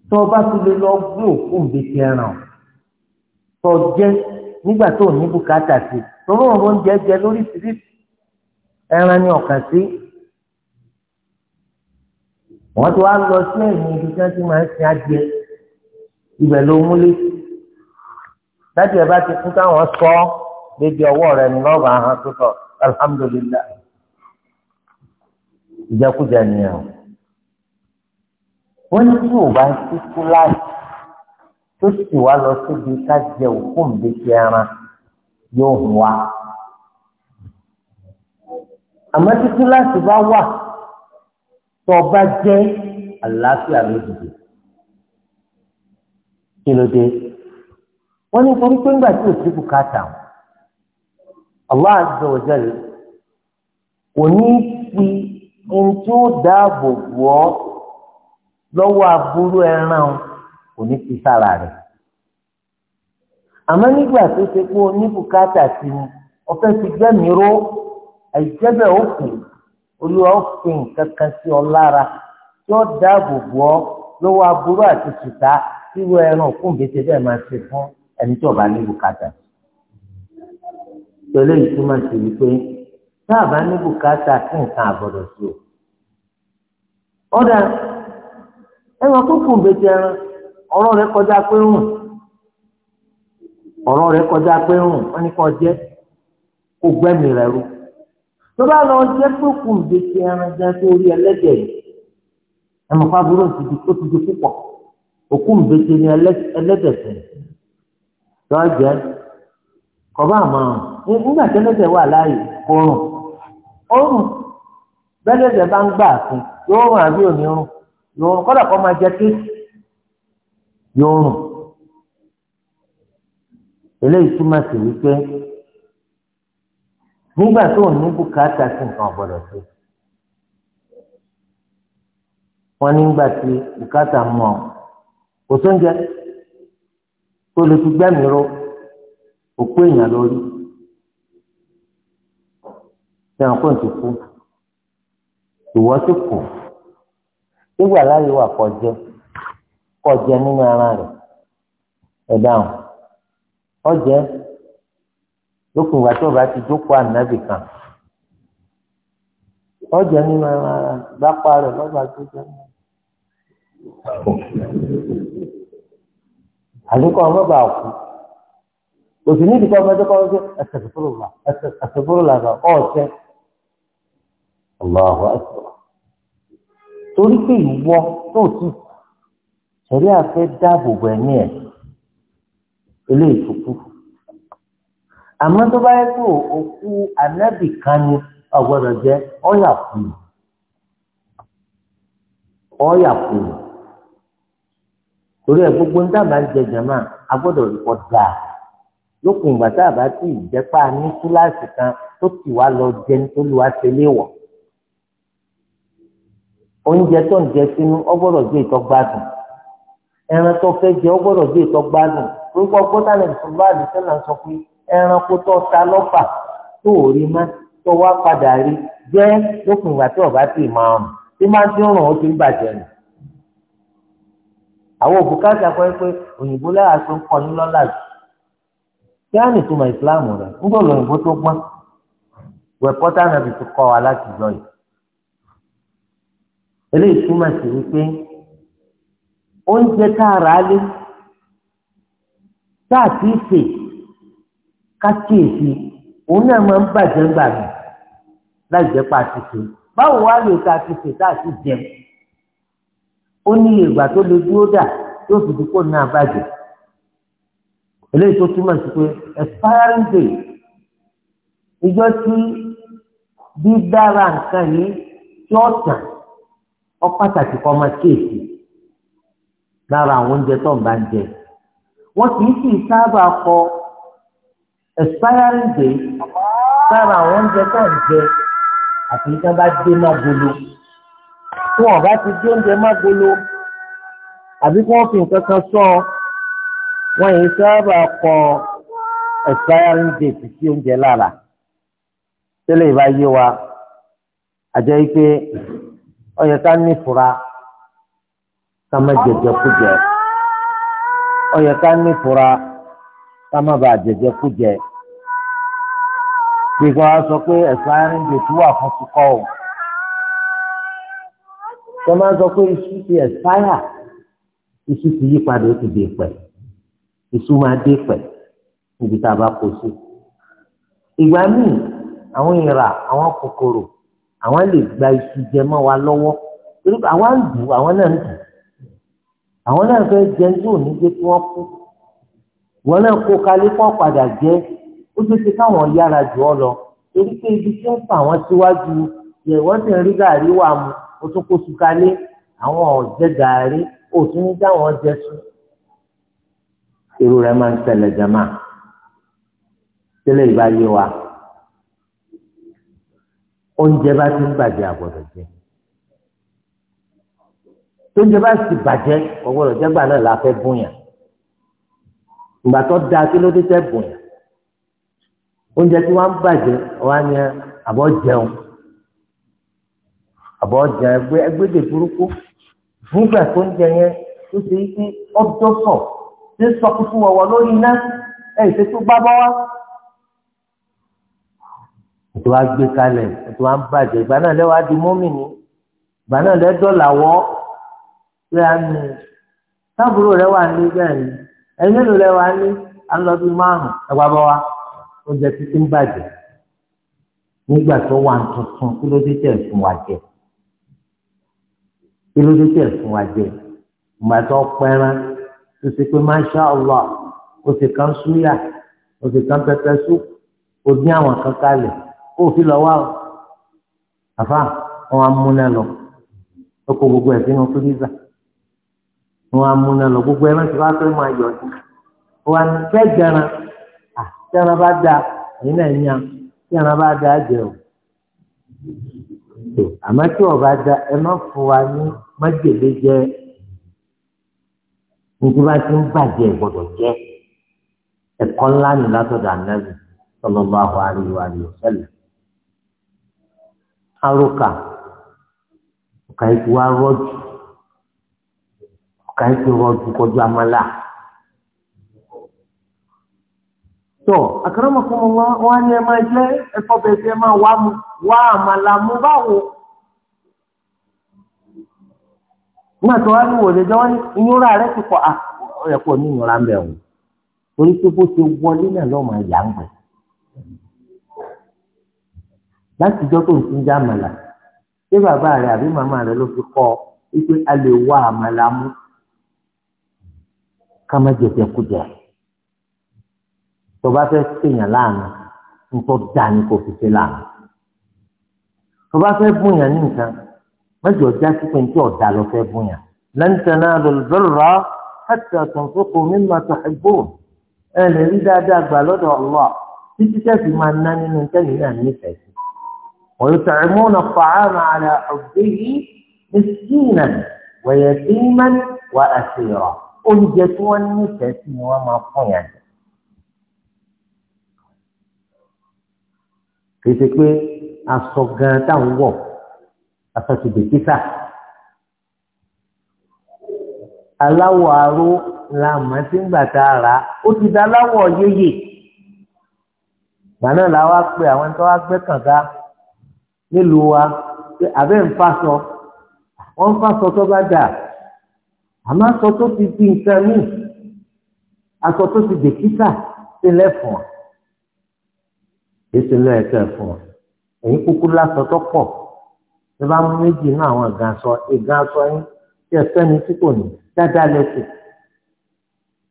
tó ọba tó lè lọ gbé òkú ìgbésí ẹran tó jẹ nígbà tó ní bùkátà sí tó lóun ló ń jẹ jẹ lóríṣiríṣi ẹran ní ọ̀kàn sí wọ́n ti wá lọ sí ẹ̀yìn ibi tí wọ́n ti máa ń sin adìẹ ibẹ̀ ló múlé láti ẹ̀ bá ti kú táwọn sọ ọ́ débi ọwọ́ rẹ̀ ní lọ́ọ̀bà ahọ́n tó tọ̀ alhamdulilayi ìjẹkújẹ nìyẹn o wọ́n ní tí ò bá ti kú láì tó sì wá lọ síbi ká jẹ òkú ǹdẹ́kẹ́ ẹran yóò hùwà àmọ́ títí láti bá wà tó bá jẹ́ àlàáfíà lójijì kí ló dé wọ́n ní torí pé ńgbà tí ò sí bùkátà Allah azza wa jalla kò ní fi ohun tí ó dáàbò bò ọ́ lọ́wọ́ aburú ẹran kò ní fi sára rẹ̀ àmọ́ nígbà tó ṣe pé oníbùkátà sí ni ọ̀fẹ́ ti gbẹ́mìí àìjẹ́bẹ̀ ó kù olúwa ó fi sí ọ lára tí ó dáàbò bò ọ lọ́wọ́ aburú àti sùtá tí wọ́n ẹran òkú gbèsè bẹ́ẹ̀ máa ṣe fún ẹni tí ọba ní bùkátà. pẹ̀lú ìtumọ̀ sí wípé tá a bá ní bùkátà nǹkan o. ọ̀dà ẹran tó kù gbèsè ẹran ọ̀rọ̀ rẹ̀ kọjá pé rùn ọ̀rọ̀ rẹ̀ kọjá pé rùn wọ́n tó bá lọ jẹ́ tó kù ìdèkì ẹran jẹ́ tó rí ẹlẹ́dẹ̀ yìí ẹ̀mọ̀ fábúrò ti di ó ti di púpọ̀ òkú ìdèkì ni ẹlẹ́dẹ̀ tẹ̀ tó jẹ́ kọ́bá àmọ́ nígbà tí ẹlẹ́dẹ̀ wà láàyè kórùn ọrùn bẹ́lẹ́dẹ̀ bá ń gbà fún yóò rùn àbí òní rùn yóò rùn kọ́dà kọ́ máa jẹ kéèkì yóò rùn eléyìí túmọ̀ sí wípé. nígbà tó ò ní bùkátà sí nǹkan ọ̀gbọ́dọ̀ sí wọn nígbà tí bùkátà mọ kò sóúnjẹ tó lè fi gbẹmìíró òkú èèyàn lórí kò kú kù láyé wà kọjẹ kọjẹ nínú ara rẹ̀ ẹ̀ dáhùn lókun ìgbà tí wọn ti jókòó ànábì kan ọjà nínú ara gbápá rẹ lọba tó jẹ àmọ́ tó bá yẹ kó òkú anábì kan ni ọ̀gbọ́dọ̀ jẹ́ ọ̀yà kù ọ̀yà kù torí ẹ gbogbo ń dábàá jẹ jẹ̀mọ́ agbọ́dọ̀ rìpọ̀ dáa lókun ìgbà tá a bá tí ì jẹ́pá ní kíláàsì kan tó ti wá lọ jẹ nítorí wá ṣe léwọ̀ oúnjẹ tó ń jẹ sínú ọgbọ́dọ̀ gbé ìtọ́gbádùn ẹran tó fẹ́ jẹ ọgbọ́dọ̀ gbé ìtọ́gbádùn orúkọ gbọ́dọ̀ lè sọ bá àdìsẹ́ náà sọ pé ẹranko tó ta lọ́fà tó ò rí mọ́ tó wá padà rí jẹ́ lópin ìgbà tí ọ̀gá ti máa rùn tí máa ti rùn ó ti ń bàjẹ́ nù. àwọn òbúkátà kọ́ ẹ pé òyìnbó lára tó ń kọ́ ní lọ́la jù kí á nìtumọ̀ ìsìláàmù rẹ̀ ń bọ̀ lóyìnbó tó gbọ́n wẹ̀pọ́tà náà fi kọ́ wa láti yìí. eléyìí túmọ̀ a rà á lé tá a ka òun náà máa ń bàjẹ́ ń gbàgbé láì jẹ́ pa àtìsè báwo wá lè ta àtìsè tá a ti jẹ ó ní ìgbà tó lè dúró dà yóò fi dúpọ̀ náà bàjẹ́ eléyìí tó túmọ̀ sí pé expiring day ìjọ tí dídára nǹkan yìí tí ó tàn ọ pàtàkì kọ́ máa kéèsì lára àwọn oúnjẹ tó ń bá ń jẹ kì í sì sábà kọ. expiring day sára àwọn oúnjẹ tó ń jẹ àti tí wọ́n bá dé mágolo tí wọ́n bá ti dé oúnjẹ mágolo àbí kí wọ́n fi nǹkan kan sọ wọ́n yìí sábà kọ expiring date sí oúnjẹ lára tẹ́lẹ̀ ìbá yé wa àjẹ́ pé ó yẹ ká ní ìfura ká má jẹjẹ kú jẹ ó yẹ ká ní ìfura ká má bàa jẹjẹ kú jẹ gbígbà wa sọ pé ẹ̀sán arìnrìn-ètò wà fún tukọ̀ o tó máa sọ pé iṣu ti ẹ̀sáyà iṣu ti yí padà ó ti dé pẹ̀ iṣu máa dé pẹ̀ níbi tá a bá kó sí ìgbà míì àwọn ìrà àwọn kòkòrò àwọn lè gba iṣu jẹ mọ́ wa lọ́wọ́ àwọn ń àwọn náà ń dùn àwọn náà fẹ́ jẹun tí ò ní kí wọ́n kú wọn náà kó kalẹ̀ kọ́ padà jẹ́ ó tó ti káwọn yára jù ọ lọ torí pé ibi tí ń fà wọ́n síwájú yẹ wọ́n sì ń rí gàrí wà mu ó tún kó su kalẹ̀ àwọn ọ̀jẹ̀ gàrí ó tún ń dá jẹ sùn. irú rẹ̀ máa ń ṣẹlẹ̀ jama tẹ́lẹ̀ ìbá yé wa oúnjẹ bá ti ń bàjẹ́ àgbọ̀dọ̀ jẹ tóúnjẹ bá sì bàjẹ́ ọgbọ́dọ̀ jẹ́gbà náà la fẹ́ bóyá ìgbà tó da kí ló dé tẹ́ bùn yà oúnjẹ tí wọ́n bàjẹ́ wọ́n á ní àbọ̀ jẹun àbọ̀ jẹun ẹgbẹ́ ẹgbẹ́dẹ̀ burúkú nígbà tó ń jẹ yẹn ó ṣe ike ọjọ́ sọ ṣe sọkútù wọ̀wọ̀ lórí iná ẹ̀ ṣe tó gbá bọ́ wá. ètò wa gbé kalẹ̀ ètò wa ń bàjẹ́ ìgbà náà lẹ́wọ̀ á di mọ́mìnì ìgbà náà lẹ́dọ̀làwọ́ pé a nù táàbùrò rẹ̀ wà ní bẹ́ẹ̀ ni ẹ̀yin mélòó lẹ́wà ní alọ́bí márùn ẹ̀wà bọ́ wa oúnjẹ títí ń bàjẹ́ nígbà tó wà tuntun kí ló dé tẹ̀ fún wa jẹ kí ló dé tẹ̀ fún wa jẹ ìgbà tó pẹ́rán tó ṣe pé masha Allah o sì kan súyà o sì kan pẹpẹ sùn o dín àwọn kan kalẹ̀ kó o fi lọ wá o àfa wọn amúnẹ lọ o kò gbogbo ẹ̀ sínú fúlíza wọn amúná lọ gbogbo ẹ mẹsàn wá pé máa yọ ọdún wọn ni fẹ jẹran à jẹran bá da ẹyin náà yan jẹran bá da jẹ o àmọ́ tí ọba da ẹ má fún wa ní májèlé jẹ nítorí wọn ti ń bàjẹ́ gbọdọ̀ jẹ ẹ̀kọ́ ńlá ni látọ̀dọ̀ ànábì sallallahu alaihi wa sallam aróka ọ̀ka ìtura rọ́jù kàí ti rọjò kọjú àmàlà. tó àkàràmọ̀ fún ọmọ wa ni ẹ máa jẹ́ ẹ̀fọ́ bẹ̀rẹ̀ ẹ máa wá mu wá àmàlà mu báwo. nígbà tó wá ní wòlé jẹ́ wọ́n ní ìyúnra rẹ̀ ti pọ̀ ọ̀yẹ̀ pọ̀ ní ìyúnra mẹ́ o torí pé bó ṣe wọlé náà lọ́ọ́ máa ń gbẹ̀. láti jọ́ tó ń ti jẹ́ àmàlà ṣé bàbá rẹ̀ àbí màmá rẹ̀ ló fi kọ́ ọ wípé a lè wá àmàlà mu ká má jẹjẹ kú jẹ tó bá fẹ́ ṣèyàn láàánú ńtọ́ da ni kò fi ṣe láàánú tó bá fẹ́ bùnyàn ní nǹkan mẹ́jọ já sí pé ntí ọ̀dà lọ fẹ́ bùnyàn lan tanalul birra hatta tunfiqu mimma tuhibbun ẹ lè rí dáadáa gbà lọ́dọ̀ Allah títí tẹ̀sí máa ná nínú tẹ̀yìn náà nífẹ̀ẹ́ sí wa yut'imuna at'ama ala hubbihi miskinan wa yatiman wa asira oúnjẹ tí wọ́n nífẹ̀ẹ́ sí ni wọ́n máa fún yàn jẹ. kì í ṣe pé aṣọ gan táwọn wọ̀ aṣọ ti dè kíkà aláwọ̀ aró la mọ̀ sí ńgbà tá a rà ó ti da aláwọ̀ yéyè gbàná la wá pé àwọn tó wá gbẹ́ kànga nílùú wa àbẹ́ ń fa sọ wọ́n ń fa sọ tó bá dà àmọ́ aṣọ tó ti di nǹkan míì aṣọ tó ti dè kíkà ti lẹ́fọ̀n èsì lọ ẹ̀kẹ́ fún ọ èyí kúkú lásọ tó pọ̀ tí bá mú méjì náà àwọn ìgbà sọ ìgbà sọ yín tí ẹ fẹ́ni tí kò ní dáadáa lẹ́sẹ̀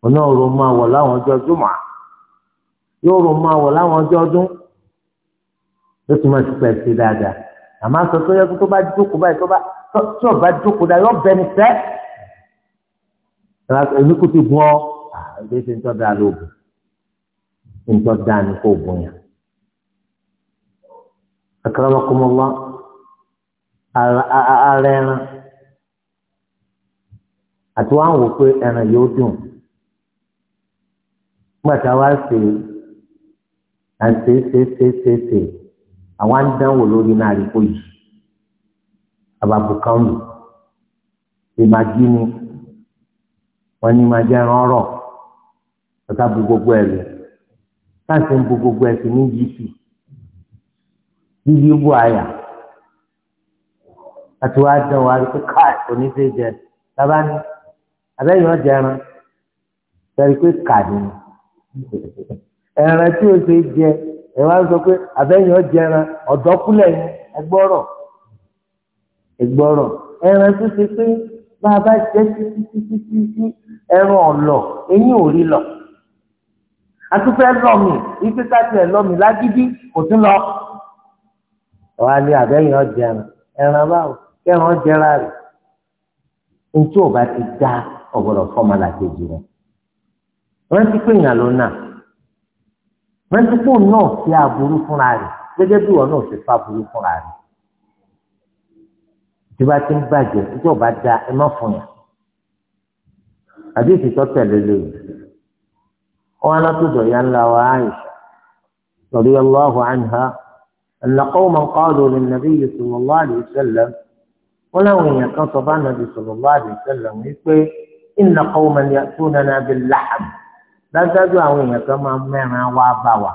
ọ̀nà òrò máa wọ̀ láwọn ọjọ́ jùmọ̀ yóò rò máa wọ̀ láwọn ọjọ́ ọdún ló ti máa ti pẹ̀ sí dáadáa àmọ́ aṣọ tó yẹ kó tó bá jókòó báyìí tó bá tó èmi kò ti gun ọ àbí ṣe ń tọ́ da lóògùn ṣe ń tọ́ da ni kò gun yàn. akramakumullah ara ẹran àti wọn wò pé ẹran yóò dùn gbàtà wá sí àti ṣe ṣe ṣe ṣe àwọn ń lórí náà rí kó yìí àbàbùkán nù ìmàgí ni. wọ́n ní máa jẹ́ rọ́rọ̀ ọ̀tá bu gbogbo ẹ̀ lọ táǹtì ń bu gbogbo ẹ̀ sí ní àyà àti wàá dán wàá rí pé jẹ bàbá ní abẹ́yìn ọ̀jẹ̀ ẹran sẹ́rí pé kàdé ẹran tí o ṣe jẹ ẹ wá sọ pé abẹ́yìn ọ̀jẹ̀ ẹran bá a bá jẹ́ títí títí títí ẹran ọ̀lọ̀ eyín ò rí lọ. àtúfẹ́ lọ́mì ipe káṣíẹ̀ lọ́mì lágídí kò tún lọ. ọ̀hún alẹ́ àbẹ́yìn ọ̀jẹ̀ ẹran ẹran báwo kẹran jẹra rẹ̀ ntí ò bá ti dá ọ̀gbọ̀dọ̀ fọ́mọ́lá kejì rẹ̀ wọ́n ti pé ìyàn ló nà wọ́n ti pé òun náà fi aburú fúnra rẹ̀ gẹ́gẹ́ bí wọn náà ṣe fa aburú fúnra rẹ̀ tí bá ti ń bàjẹ́ títí ọba da ẹ má fún yà àdéhùn tó tẹ̀lé lóyún wọn alátúndọ̀ ya ńlá wa Aisha radiyallahu anha anna qawman qalu lin-nabiy sallallahu alayhi wa sallam wọn làwọn èèyàn kan sọ bá nàbí sallallahu alayhi wa sallam wípé inna qawman ya'tunana bil-lahm dájúdájú àwọn èèyàn kan máa mẹ́ran wá bá wa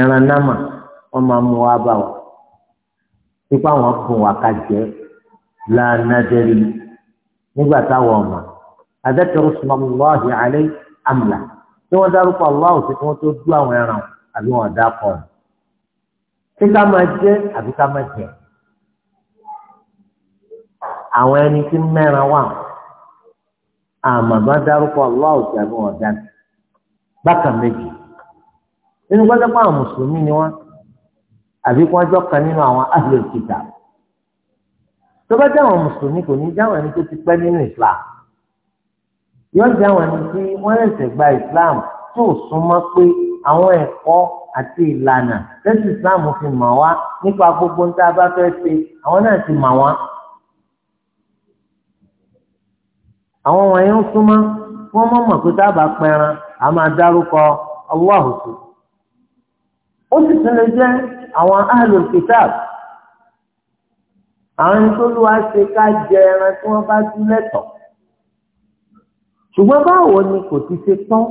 ẹran náà pípa àwọn fún wa ká jẹ lánàdẹrí nígbà táwọn ọmọ adẹ́tẹ̀rù sùmọ́mùláhì alẹ́ àmìlà tí wọ́n dárúkọ aláwọ̀ sí kí wọ́n tó dú àwọn ẹran àbí wọn dá pọ̀ ṣé ká máa jẹ àbí ká máa jẹ àwọn ẹni tí mẹ́ran wà àmọ́ bá dárúkọ aláwọ̀ sí àbí wọn dá bákan méjì nínú gbọ́dọ̀ àwọn mùsùlùmí ni wọ́n àbí kí wọ́n jọ kan nínú àwọn ahlul kitab tó bá dáwọn mùsùlùmí kò ní dáwọn ẹni tó ti pẹ́ nínú islam yóò dáwọn ẹni tí wọ́n lẹ̀sẹ̀ gba islam tó súnmọ́ pé àwọn ẹ̀kọ́ àti ìlànà lẹ́sìn islam fi mọ̀ wá nípa gbogbo ń tá a bá fẹ́ ṣe àwọn náà ti mọ̀ wá. àwọn wọ̀nyí ń súnmọ́ wọ́n mọ̀ mọ̀ pé dábàá pẹran a máa dárúkọ Allahu ó sì tún lè jẹ́ àwọn ahlul kitab àwọn nítorí wá ṣe ká jẹ ẹran tí wọ́n bá dú lẹ́tọ̀ ṣùgbọ́n báwo ni kò ti ṣe tán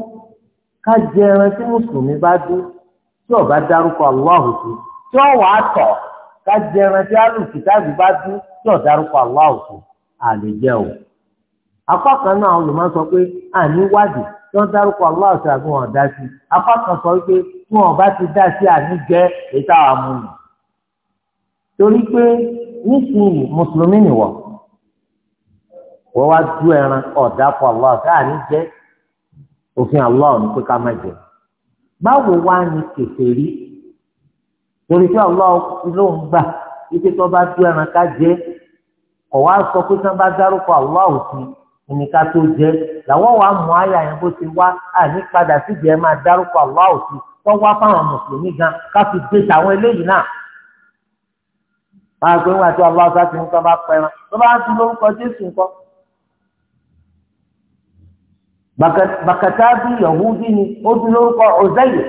ká jẹ ẹran tí mùsùlùmí bá dú tí ọba dárúkọ Allahu sí tí ọwọ́ àtọ̀ ká jẹ ẹran tí ahlul kitab bá dú tí ọba dárúkọ Allahu sí àlejẹ o apá kan náà olùmọ̀ sọ pé àníwádìí. wọ́n dárúkọ aláwọ̀ sí àgbọn ọ̀dá sí apá kan sọ wípé tí wọn bá ti dá sí àníjẹ́ ètò àwọn amúnú torí pé nísìnyí mùsùlùmí nìwọ wọ́n wá ju ẹran ọ̀dà fún aláwọ̀ sí àníjẹ́ òfin ní pé ká má jẹ báwo wá ní kèfèrí torí pé ló ń gbà ìníká tó jẹ làwọn wà mú àyà yẹn bó ti wá àní padà síbi ẹ máa dárúkọ àwa òsì wọn wá fáwọn mùsùlùmí gan ká fi gbé tàwọn eléyìí náà máa gbé wọn àti ọlọ́wọ́ sá ti ń bá pẹ́ran tó bá ń lórúkọ Jésù nǹkan. bàkàtà bí ni ó lórúkọ ọ̀zẹ́yẹ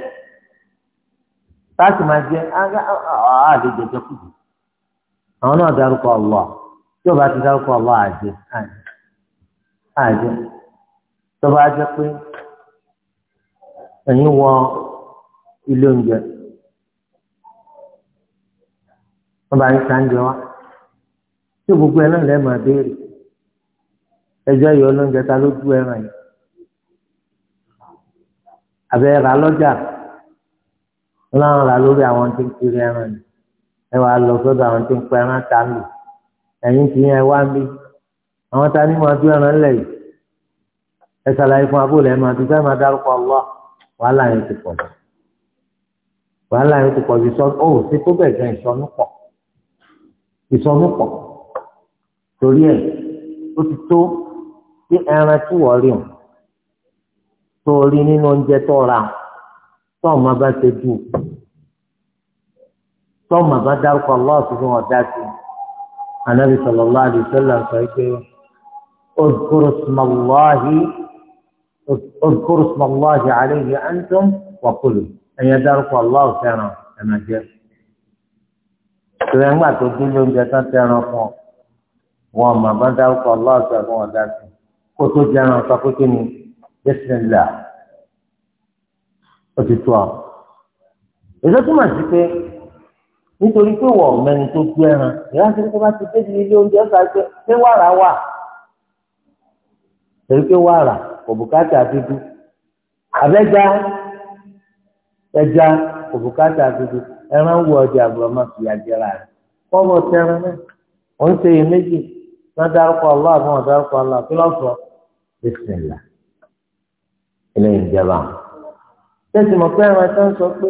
táàsì máa jẹ àwọn náà dárúkọ tí bá àjẹ tó bá jẹ́ pé ẹ̀yin wọ ilé oúnjẹ wọ́n bá ń sáńjẹ wá tí gbogbo ẹ náà lẹ́ẹ̀ máa béèrè ẹjọ́ ìyọ́ lóúnjẹ ta ló dú ẹran yìí àbẹ̀ rà lọ́jà ńláwọn rà lórí àwọn tí ń kiri ẹran yìí ẹ wàá lọ sọ́dọ̀ àwọn tí ń pẹran ta lù ẹ̀yin ti yẹn wá ń àwọn ta ni máa dúró ẹran lẹ̀ yìí ẹ ṣàlàyé fún abúlé ẹ máa dúró ẹ máa dárúkọ ọlọ́ wàhálà yẹn ti pọ̀ jù wàhálà yẹn ti pọ̀ jù sọ ó ṣe tó bẹ̀ gan ìsọnù pọ̀ ìsọnù pọ̀ torí ẹ̀ ó ti tó sí ẹran tí wọ́n rí hàn tó rí nínú oúnjẹ tó ra tó ọmọ bá ṣe jù tó ọmọ bá dárúkọ ọlọ́ọ̀sùn fún ọ̀dá sí i anabi sallallahu alaihi wasallam sọ pé. اذكروا اسم الله اذكروا اسم الله عليه أنتم وقلوا أن يدارك الله فعلا كما جاء tòlẹ́ngbà tó délé oúnjẹ tán tẹ ẹran fún ọ wọn mà bá dárúkọ aláàtọ̀ fún ọ̀dà sí kó tó di ẹran sọ pé kí ni bísíńlá ó ti tó ọ. èso túmọ̀ sí pé nítorí pé wọ́n mẹ́ni tó gbé ẹran ìyá sí pé bá ti dé ilé oúnjẹ ọ̀sán pé ṣé wàrà wà torí pé wàrà kò bùkátà dúdú àbẹ́já ẹja kò bùkátà dúdú ẹran wọ ọjà àbúrò máa fi àjẹrà rẹ kọ́mọ tẹran náà ó ń ṣe iye méjì náà dárúkọ ọlọ́ àbí wọn dárúkọ ọlọ́ kí lọ́ sọ bísíǹlà eléyìí ń jẹba tẹ́sí mọ̀ pé ẹran tán sọ pé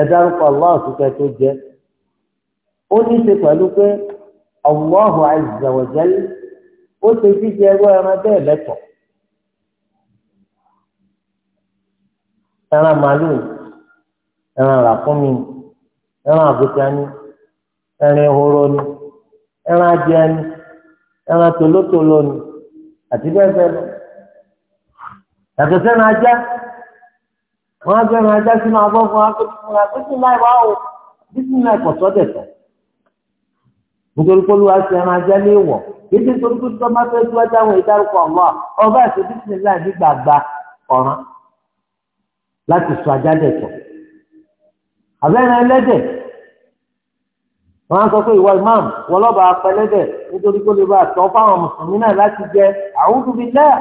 ẹ dárúkọ ọlọ́ àtúntẹ tó jẹ ó ní í ṣe pẹ̀lú pé Allahu azza wa ó ṣe jíjẹ ẹgbẹ́ ẹran bẹ́ẹ̀ lẹ́tọ̀ ẹran màlúù ẹran ràkúnmí ẹran àbúta ẹran ehoro ẹran adìẹ ẹran tòlótòló ní àti bẹ́ẹ̀ bẹ́ẹ̀ lọ yàtọ̀ ajá wọ́n á ajá sínú abọ́ fún wá o bí sínú ẹ̀kọ́ sọ́dẹ̀ tán. nítorí pé olúwa ṣe máa jẹ́ ní ìwọ̀ títí torí pé tó máa fẹ́ tí wọ́n dáhùn ìdárúkọ ọ̀gbọ́n ọba àti bísínílà nígbàgbà ọ̀ràn láti sọ ajá dẹ̀ tọ̀. àbẹ́rẹ́ ẹlẹ́dẹ̀ wọ́n á sọ pé ìwọ imam wọ́n lọ́ba apẹlẹ́dẹ̀ nítorí pé olúwa tọ́ fáwọn mùsùlùmí náà láti jẹ àwùjọ bíi lẹ́yà.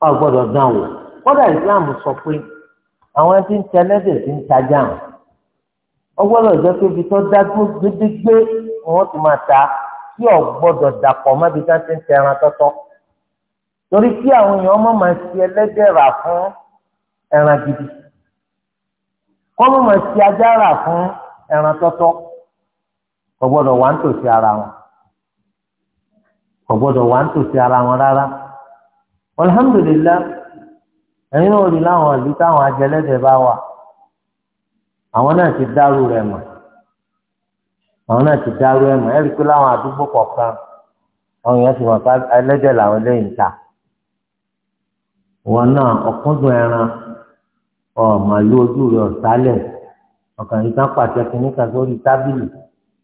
wọ́n gbọ́dọ̀ dán wò kódà Islam sọ pé àwọn tí ń tẹ́lẹ́dẹ̀ ti ń tajà ọgbọ́dọ̀ jẹ́ pé ibi tó dájú gbédégbé wọn ti máa ta tí ọgbọ́dọ̀ dàpọ̀ mọ́bi ká ti ń tẹran tọ́tọ́ torí kí àwọn èèyàn ọmọ máa ṣe ẹlẹ́dẹ̀ rà fún ẹran gidi kọ́mọ máa ṣe ajá rà fún ẹran tọ́tọ́ ọgbọ́dọ̀ wà ń tòsí ara wọn ọgbọ́dọ̀ wà ń tòsí ara wọn rárá alhamdulilayi ẹ̀yin náà rí láwọn ìlú táwọn ajẹlẹ́dẹ̀ bá wà àwọn náà ti dárú rẹ̀ mọ̀ àwọn náà ti dárú ẹ̀ mọ̀ ẹ̀rí pé láwọn àdúgbò kọ̀ọ̀kan àwọn èèyàn ti wọ̀n ká ẹlẹ́dẹ̀ làwọn lẹ́yìn ta wọn náà ọ̀kúndùn ẹran ọ̀màlú ojú rẹ̀ ọ̀sálẹ̀ ọ̀kàn yìí kan pàṣẹ kìíní kan sórí tábìlì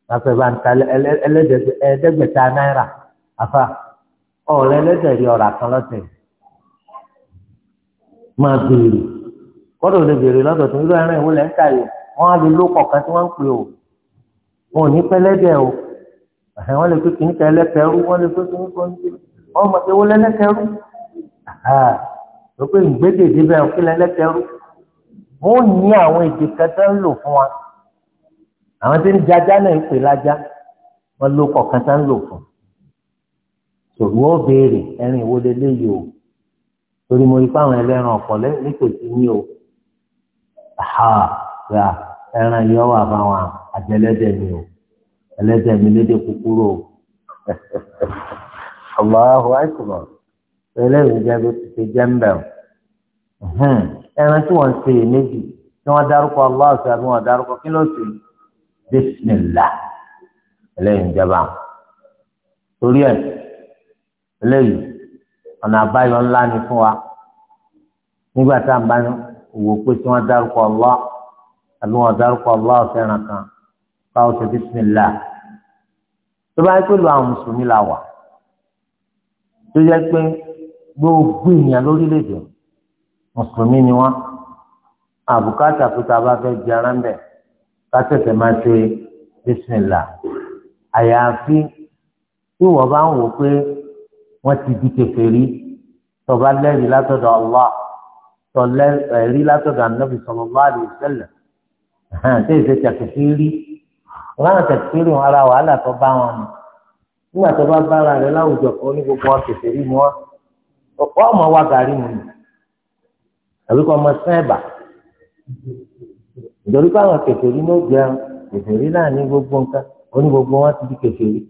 láfẹ́ bá ń ta ẹlẹ́dẹ̀gbẹ̀ta náírà àfa ọ̀rẹ́ ẹlẹ́dẹ̀ rí ọ̀rà kan lọ́sẹ̀ máa béèrè kọ́dọ̀ lè béèrè lọ́dọ̀ tó ń lọ ẹran ìwọlẹ̀ ń tà yìí wọ́n á lè ló kọ̀ọ̀kan tí wọ́n ń pè o wọn ò ní pẹ́lẹ́dẹ̀ o wọ́n lè pé kìíní kan ẹlẹ́kẹ̀rú wọ́n lè pé kìíní kan wọ́n mọ̀ pé wọ́n lẹ́lẹ́kẹ̀rú ló pé ìgbédèdè bẹ́ẹ̀ kí lẹ́lẹ́kẹ̀rú wọ́n ní àwọn èdè kẹta ń lò fún wa àwọn tí ń jajá náà ń pè lájá wọ́n ló kọ̀ọ̀kan tá ń lò fún tòun ó béèrè ẹrin ìwọlé léyìí o torí mo rí fáwọn ẹlẹ́ran ọ̀pọ̀ nítòsí ní o ha gba ẹran yìí ọwọ́ àbáwọn àjẹlẹ́dẹ̀ mi o ẹlẹ́dẹ̀ mi lédè kúkúrú o *laughs* Allahu akbar eléyìí jẹ́ bí ti jẹ́ ń o ẹran tí wọ́n ń ṣe méjì tí wọ́n dárúkọ Allah àbí wọ́n dárúkọ kí ló ṣe bisimilá eléyìí ń jẹba torí ẹ eléyìí ọ̀nà àbáyọ ńlá ni fún wa nígbà tá à ń bá yọ wò pé tí wọ́n dárúkọ Allah àbí wọ́n dárúkọ Allah ọ̀fẹ́ràn kan báwo ṣe bísímìlá tó bá yẹ pé lu àwọn mùsùlùmí la wà tó yẹ pé gbogbo èèyàn lórílẹ̀ mùsùlùmí ni wọ́n àbùkátà pé tá bá fẹ́ di ara ń bẹ̀ ká tẹ̀sẹ̀ máa ṣe bísímìlá àyàfi tí wọ́n bá ń wò pé wọ́n ti di kèfèrí tó bá lẹ́rìí látọ̀dọ̀ Allah tọ̀lẹ́ ẹ̀rí látọ̀dọ̀ ànábì sallallahu alaihi wasallam tí èsè tẹ̀kẹ̀fìrí láwọn tẹ̀kẹ̀fìrí wọn ara wàhálà tó bá wọn mu nígbà tó bá bára rẹ láwùjọ kan ní gbogbo wọn tètè rí mu wọn ọmọ wa gàrí mu àbí kọ́ ọmọ sẹ́ẹ̀bà ìdọ̀rí pé àwọn kèfèrí ló jẹun kèfèrí náà ní gbogbo nǹkan oní gbogbo wọn ti di kèfèrí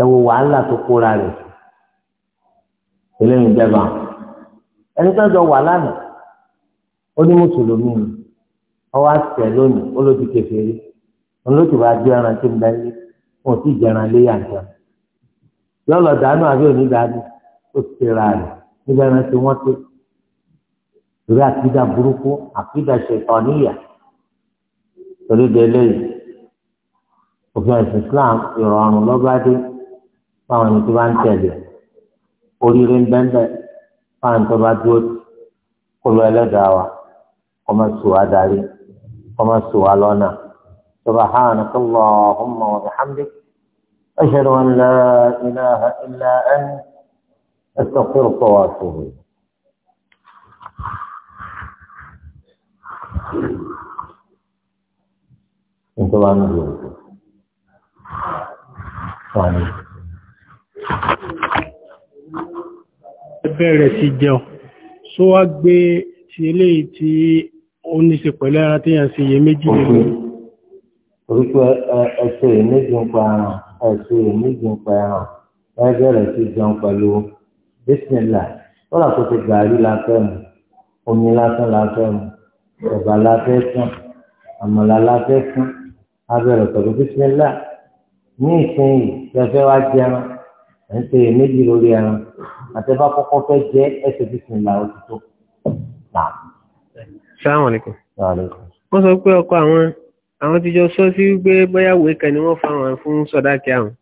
ẹ wo wàhálà tó kóra rẹ̀ eléyìí jẹba ẹni tó jọ wà lánàá ó ní mùsùlùmí ni ọwọ́ àṣẹ lónìí ó ló ti kèfèrí òun ló ti wá jẹ ẹran tí ń bẹ lé wọn ò sì jẹran lé yàtọ̀ yọ lọ dànù àbí onídàánù ó ti tẹ̀ra rẹ̀ nígbà ẹran tí wọ́n tó torí àkídà burúkú àkídà ṣètọ́níyà torí délé òfin ẹ̀sìn Islam ìrọ̀rùn lọ́gbàdé fáwọn ẹni tó bá ń tẹ̀lé oríire ń bẹ́ńbẹ́ fáwọn tó bá dúró kó lọ ẹlẹ́dàá wa kó má sùn wá darí kó sùn wá lọ́nà subhanaka allahumma wa bihamdik ashhadu an la ilaha illa anta astaghfiruka wa atubu ilayk. Então lá no jogo. Olha bẹ̀rẹ̀ sí jẹun só wá gbé ti eléyìí tí ó ní ṣe pẹ̀lú ara tí yàn sí iye méjì nínú. orúkọ ẹsẹ̀ méjì ń pa ẹran ẹsẹ̀ méjì ń pa ẹran ẹ bẹ̀rẹ̀ sí jẹun pẹ̀lú bísíńlá lọ́la tó ti gàrí la fẹ́ mu omi lásán la mu ẹ̀bà la fẹ́ àmàlà la fẹ́ sàn a bẹ̀rẹ̀ pẹ̀lú bísíńlá ní ìsinyìí lẹ́fẹ́ wá jẹun ẹ̀ ń ṣe méjì lórí ẹran àtẹ̀bá kọ́kọ́ fẹ́ jẹ́ ẹsẹ̀ fífún ìlà òtítọ́. Assalamu alaikum. wọ́n sọ pé ọkọ àwọn àwọn ti jọ sọ sí wípé bóyá wèé kan ni wọ́n fa àwọn fún sọ̀dáàkì àwọn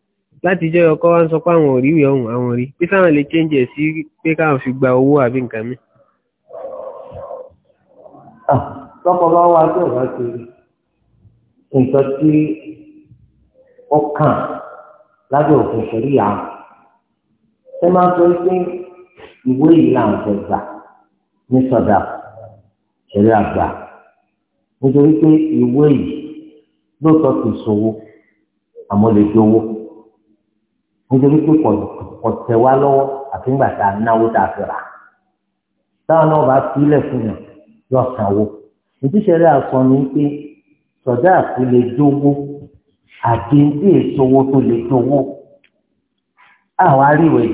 láti jẹ́ ọkọ wa ń sọ pé àwọn òríwì ọ̀hún àwọn rí pé sáwọn lè change ẹ̀ sí pé káwọn fi gba owó àbí nǹkan mi. lọ́pọ̀ ah, bá wá tó wá sí nǹkan tí ó kàn lábẹ́ òfin ṣẹ̀ríyà ẹ máa sọ pé ìwé yìí là ní sọ̀dà ṣẹlẹ̀ àgbà nítorí pé ìwé yìí lóòótọ́ ti sòwò àmọ́ lè dówó nítorí pé ọ̀tẹ̀ wa lọ́wọ́ àti ńgbà tá a náwó tá a fi rà táwọn náà bá sílẹ̀ fún yàn yóò sanwó ìdíṣẹ́lẹ̀ àsọ pé sọ̀dá àti lè dówó àti ní èso owó tó lè dówó àwọn aríwèé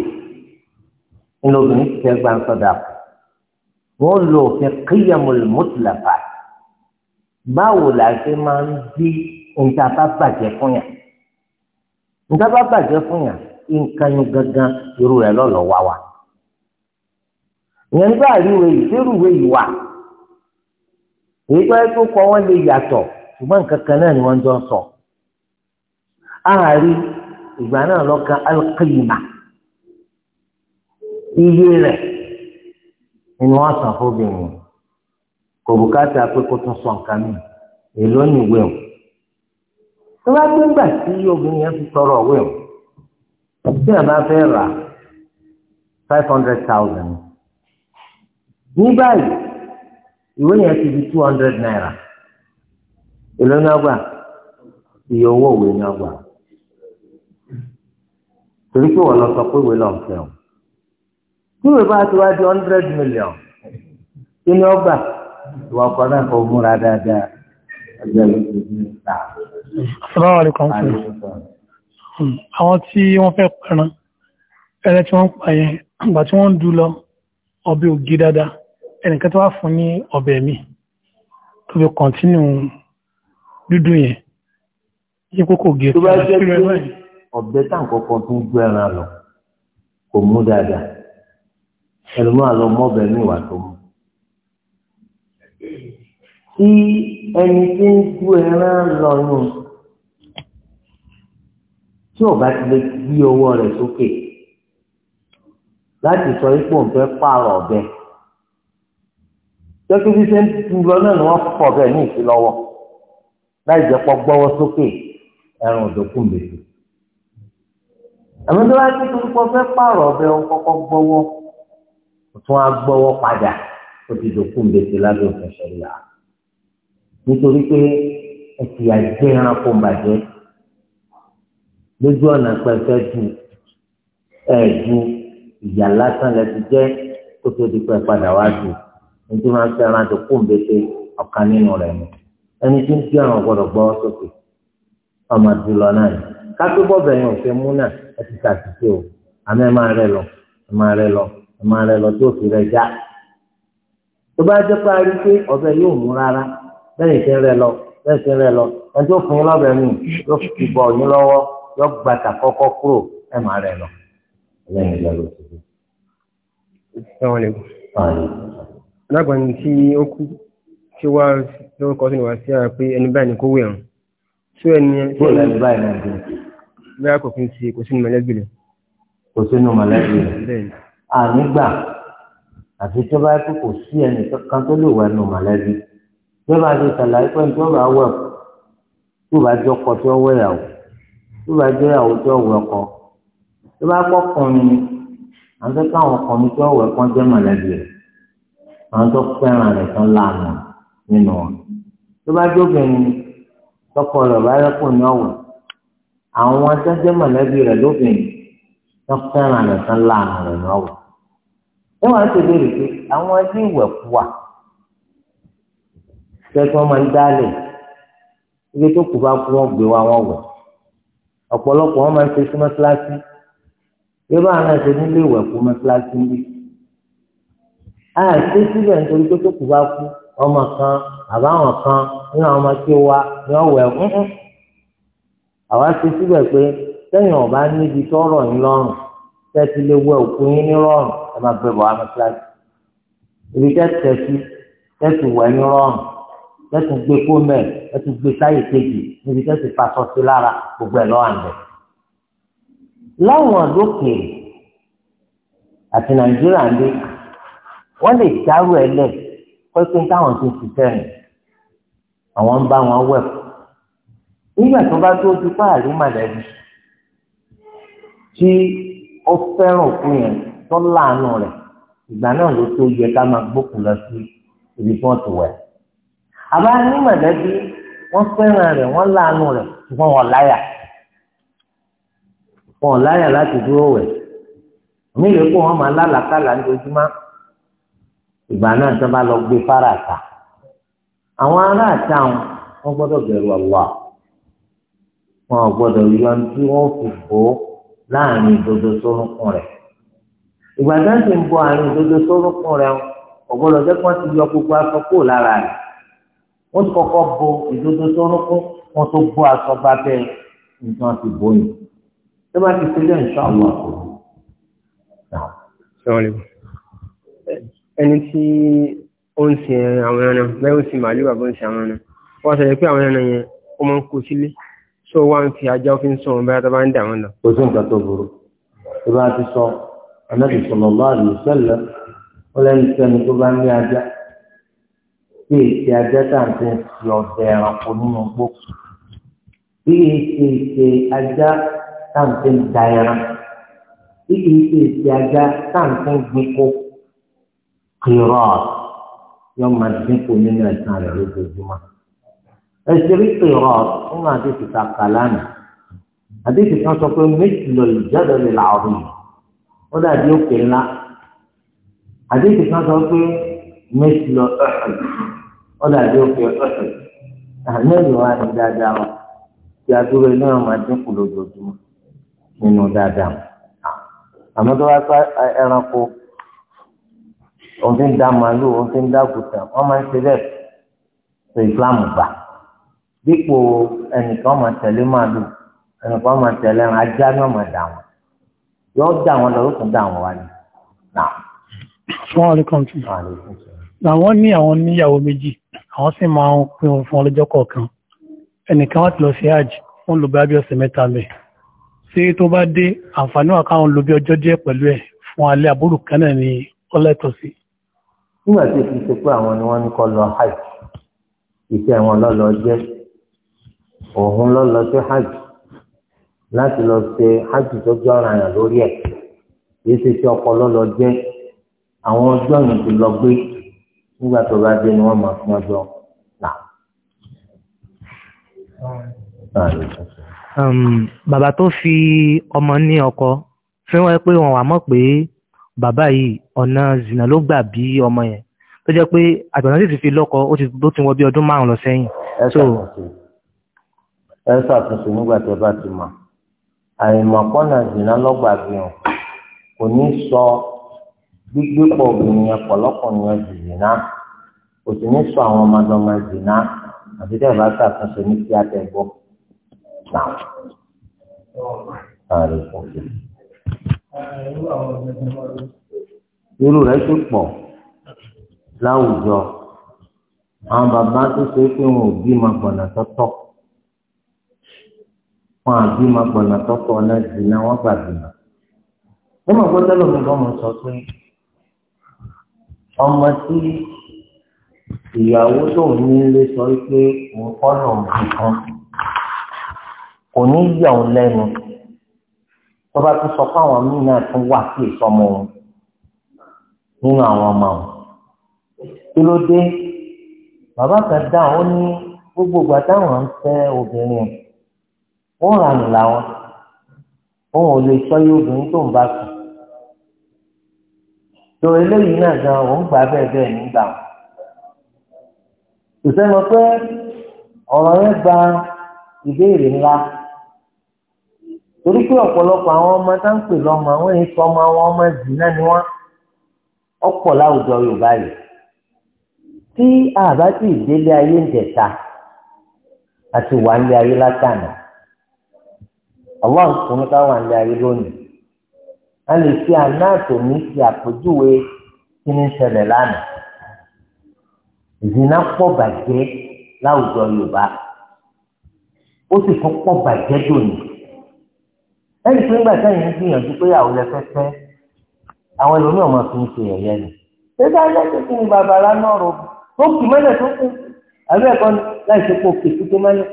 nínú obìnrin ti fẹ́ gbà ń sọ̀dà wọ́n lo òfin qiyamul mutlaqa báwo la ṣe máa ń bí nǹkan bá bàjẹ́ fún yàn nǹkan bá bàjẹ́ fún yàn nǹkan yín gangan irú rẹ̀ lọ́lọ́ wá wa ìyẹn nígbà ìwé ìṣerúwé yìí wà èyí tó kọ wọn lè yàtọ̀ ṣùgbọ́n nǹkan náà ni wọ́n jọ sọ àárín ìgbà náà lọ́kàn alqiyma iye rẹ̀ ni wọ́n san fóbìnrin kò bùkátà pé kó tún sọ nǹkan mi èló ni ìwé o tó bá gbé ńgbà tí obìnrin yẹn fi tọrọ ọ̀wé tí ẹ̀ bá fẹ́ rà five hundred thousand ní báyìí ìwé yẹn ti di two hundred naira èló ni ọgbà iye owó òwe ni ọgbà torí pé wọ́n lọ sọ pé ìwé lọ́n fẹ́ o tí wọ́n bá ti wá di hundred million kí ni ọgbà ìwà ọkọ̀ náà kò múra dáadáa ẹgbẹ́ ló ti ní ìta. Assalamu alaikum. Hmm, àwọn tí wọ́n fẹ́ pẹran ẹrẹ tí wọ́n pa yẹn àgbà tí wọ́n ń dú lọ ọbẹ̀ ògì dáadáa ẹnìkan tó wá fún ní ọbẹ̀ mi tó fi kọ̀ntínú dúdú yẹn yí kókò gé. tó bá jẹ́ pé ọbẹ̀ táwọn kọ̀ọ̀kan tó gbẹ́ran lọ kò mú dáadáa ẹlòmí àlọ́ mọ́bẹ̀ ní ìwà tó mú. Tí ẹni tí ń dú ẹran lọ yún tí ò bá ti lè gbé ọwọ́ rẹ̀ sókè láti sọ ipò ń fẹ́ pààrọ̀ ọ̀bẹ. Jọ́kí bí ṣe ń tu lọ náà ni wọ́n fọ̀ bẹ́ẹ̀ ní ìfilọ́wọ́ láì jẹ́ pọ́ gbọ́wọ́ sókè ẹran òdòkùn bèbè. Àmọ́ tó bá ti tó kọ́ fẹ́ pààrọ̀ ọ̀bẹ òun kọ́kọ́ gbọ́wọ́ tún á gbọ́wọ́ padà ó ti dòkú gbèsè lábẹ́ òfin ṣẹlẹ̀ à. nítorí pé ẹtì àjẹ́ ẹranko bàjẹ́ lójú ọ̀nà pẹ̀fẹ́ ju ẹ̀ ju ìyà lásán lẹ ti jẹ́ kó tó di pẹ́ padà wá ju nítorí wọn fẹ́ ẹran dòkú gbèsè ọ̀kan nínú rẹ̀ ni ẹni tí ń fi ọ̀ràn gbọ́dọ̀ gbọ́ sókè ọmọ àdúlọ náà ni kápẹ́ bọ́ọ̀bù ẹ̀yìn òfin mú náà ẹ ti ṣàtìṣe o àmọ́ máa rẹ lọ máa rẹ lọ ọmọ rẹ lọ tó fi rẹ já tó bá jẹ́ pé pé ọbẹ̀ yóò mú rárá bẹ́ẹ̀ ṣe rẹ lọ bẹ́ẹ̀ ṣe rẹ lọ ẹ tó fún yín lọ́bẹ̀ mi yóò fi bọ̀ yín lọ́wọ́ yóò gbàtà kọ́kọ́ kúrò ẹ̀ rẹ lọ lẹ́yìn ìgbà ló ti dé. Assalamu alaikum. alágbàáni tí ó kú tí wá lórúkọ tó ní sí ara pé ẹni báyìí ni kó wẹ̀ ọ́n tí ẹni ẹni báyìí náà dé. bí a kò fi ń ṣe kò sínú mọ̀lẹ́bí ànígbà àti tó bá kú kò sí ẹnì kankan tó lè wà nù mọ̀lẹ́bí jọba àti sàlàyé pé tó bá wẹ̀ tó bá jọ kọ tó wẹ̀ yàwó tó bá jọ yàwó tó wẹ̀ kọ tó bá kọ́ kùnrin ni àwọn tó káwọn ọkùnrin tó wẹ̀ kọ́ jẹ́ mọ̀lẹ́bí rẹ̀ àwọn tó fẹ́ràn rẹ̀ tán lànà nínú wọn tó bá jóbìnrin ni tọkọ rẹ̀ bá yẹ ní wọ́n fẹ́ràn rẹ̀ tán láàánú rẹ̀ náà wò. wọ́n wá ti béèrè pé àwọn ilé ìwẹ̀ kú wa tẹ́tọ́ máa ń dálẹ̀ ibi tó kù bá kú wọ́n gbé wa wọ́n wẹ̀ ọ̀pọ̀lọpọ̀ wọ́n máa ń ṣe sí mọ́ṣáláṣí bí wọ́n máa ń ṣe nílé ìwẹ̀ kú mọ́ṣáláṣí níbi. a ṣe síbẹ̀ nítorí pé tó kù bá kú ọmọ kan àbáwọn kan nínú àwọn ọmọ tí ó wá ni wọ́n wẹ̀ ń. àwa ṣe síbẹ̀ pé sẹ́yìn ọ̀bá níbi tọ́rọ̀ yín lọ́rùn tẹ́tí lé wẹ òkú yín ní rọrùn ẹ máa gbẹ bọ̀ wá mọ́sálásí ibi tẹ́tẹ̀sí tẹ́tù wẹ̀ ní rọrùn tẹ́tù gbé kómẹ̀ tẹ́tù gbé sáyè kejì níbi tẹ́tù fasọ sí lára gbogbo ẹ̀ lọ́wọ́ àǹdẹ̀. láwọn lókè àti nàìjíríà ń dé wọ́n lè dárú ẹ lẹ̀ pẹ́pẹ́ táwọn ti ṣiṣẹ́ rìn àwọn ń bá wọn wẹ̀ nígbà tó bá tó dupá àrí màdàbí tí ó fẹ́ràn òkú yẹn tó láàánú rẹ̀ ìgbà náà ló tó yẹ ká máa gbókùn lọ sí ibi tí wọ́n ti wẹ̀. àbá ní mọ̀lẹ́bí wọ́n fẹ́ràn rẹ̀ wọ́n láàánú rẹ̀ ṣùgbọ́n wọ́n láyà wọ́n láyà láti dúró wẹ̀ mí lè kó wọn máa lálàkàlà lójúmọ́ ìgbà náà tó bá lọ gbé fara ta àwọn ará àta wọn wọ́n gbọ́dọ̀ bẹ̀rù wọn ò yọ ní tí wọ́n fi bò ó láàrin ìdodo sórúnkún rẹ̀ ìgbà tá à ń sì ń bọ àrùn ìdodo sórúnkún rẹ̀ ọ̀gbọ́dọ̀ jẹ́ kí wọ́n ti yọ gbogbo aṣọ kúrò lára rẹ̀ wọ́n ti kọ́kọ́ bo ìdodo sórúnkún wọ́n tó bọ́ aṣọ bá bẹ́ nǹkan ti bóyìn tó bá ti sílẹ̀ nṣọ́ àwọn àkókò. ẹni tí ó ń sin àwọn ẹran bẹ́ẹ̀ ó sin màálù àbọ̀ ń sin àwọn ẹran wọ́n sọ pé àwọn ẹran yẹn ó máa ń kó sílé so wá ń fi ajá fi ń sọ̀rọ̀ bẹ́ẹ̀ tó bá ń dà wọn lọ. kò sí nǹkan tó burú tó bá ti sọ anábì sallallahu alaihi wasallam ó lẹ́nu sẹ́ni tó bá ń lé ajá bí èsì ajá tàǹtí ń fi ọ̀dẹ̀ ẹranko nínú gbó bí èsì èsì ajá tàǹtí ń da ẹran bí èsì èsì ajá tàǹtí ń gbin kó kìrọ̀ yọ máa dínkù nínú ẹ̀sán rẹ̀ lójoojúmọ́ ẹsẹ̀rí pèrọ̀ fún àdéhùn kàkàlánà àdéhùn kan sọ pé mẹ́tìlọ ìjọ́dọ̀lẹ̀ làwọn yìí ó dàbí òkè ńlá àdéhùn kan sọ pé mẹ́tìlọ ẹ̀hẹ̀ ó dàbí òkè ẹ̀hẹ̀ àmẹ́rin wa ni dáadáa wa tí a dúró iná máa dínkù lójoojúmọ́ nínú dáadáa àmọ́ tó wá pa ẹranko òun ti ń dá màálù òun ti ń dá gùtà wọ́n máa ń ṣe bẹ́ẹ̀ sọ ìsìláàmù gbà dípò ẹnìkan máa tẹ̀lé màálù ẹnìkan máa tẹ̀lé ẹran ajá náà máa dà wọn yóò dà wọn lọ yóò tún dà wọn wá ní. Wọ́n rí kan tù. Àwọn ní àwọn níyàwó méjì, àwọn sì máa ń pín wọn fún ọlọ́jọ́ kọ̀ọ̀kan. Ẹnìkan wá ti lọ sí àjì, wọ́n lò bá bí ọ̀sẹ̀ mẹ́ta mẹ́. Ṣé tó bá dé àǹfààní wà káwọn lo bí ọjọ́ díẹ̀ pẹ̀lú ẹ̀ fún alẹ́ àbúrò kan náà ní ọlẹ́tọ̀ sí? Nígbà tí o ti ṣe pé àwọn ni wọ́n ní kọ́ lọ hajj, ìṣe àwọn ọlọ́lọ́ jẹ́ òun lọ lọ sí hajj láti lọ ṣe hajj tó jọ ara yàn lórí ẹ̀ yìí ṣe tí ọpọlọ lọ jẹ́ àwọn ọjọ́ yẹn ti lọ gbé nígbà tó bá dé ni wọ́n máa fún ọjọ́ là. Um, bàbá tó fi ọmọ ní ọkọ fi wọ́n pé wọ́n wà mọ̀ pé bàbá yìí ọ̀nà zina ló gbà bí ọmọ yẹn tó jẹ́ pé àgbàdo sì ti fi lọ́kọ ó ti wọ bí ọdún márùn-ún lọ sẹ́yìn. ẹ ṣe àkànṣe ẹ ṣàtúnṣe nígbà tí ẹ bá ti mọ̀ àìmọ̀kànnà ìdènà lọ́gbà fihàn kò ní sọ gbígbépọ̀ obìnrin yẹn pọ̀lọ́kùnrin yẹn dìdìnà kò sì ní sọ àwọn ọmọdọ́mọ dìdìnà àti tẹ́ ẹ bá ṣàtúnṣe ní kí á tẹ gbọ́. irú rẹ̀ ti pọ̀ láwùjọ àwọn bàbá tó ṣe é pé wọn ò bímọ gbọ̀nà tọ́tọ́ wọn àbí ma gbọ̀nà tọkọ náà sí náà wọ́n gbà bí ma. ó gbọ́dọ̀ lómi bọ́ mo sọ pé ọmọ tí ìyàwó tó ń nílé sọ pé òun kọ́ lọ nǹkan kò ní yà òun lẹ́nu tó bá tún sọ pé àwọn míì náà tún wà sí ìsọmọ òun nínú àwọn ọmọ òun kí ló dé bàbá kan dáhùn ó ní gbogbo ìgbà táwọn ń fẹ́ obìnrin. wọn ń ranù làwọn òun ò lè sọ yí obìnrin tó ń bá sùn tó eléyìí náà gan òun gbà bẹ́ẹ̀ bẹ́ẹ̀ nígbà wọn kò sẹ́nu pé ọ̀rọ̀ yẹn gba ìbéèrè ńlá torí pé ọ̀pọ̀lọpọ̀ àwọn ọmọ tá ń pè lọ́mọ àwọn sọ ọmọ àwọn ọmọ jì náà ni wọ́n ọ̀pọ̀ láwùjọ Yorùbá yìí tí ìdílé ayé ń jẹ̀ta Allah fún káwọn àlẹ ayé lónìí a lè fi àná àtòmí ti àpèjúwe kí ni ṣẹlẹ̀ lánàá ìdìnnà pọ̀ bàjẹ́ láwùjọ Yorùbá ó sì tún pọ̀ bàjẹ́ dòní ẹni tó ń gbà sẹ́yìn ń gbìyànjú pé àwọn ẹlẹ́fẹ́fẹ́ àwọn ẹlòmíràn máa fi ń ṣe ẹ̀yẹ ni ṣẹ́gbẹ́ ẹlẹ́fẹ́ kí ni bàbá aláná rò ó kì mọ́lẹ̀ tó kù àbẹ́ ẹ̀kọ́ láì ṣe kó kì í tó mọ́lẹ̀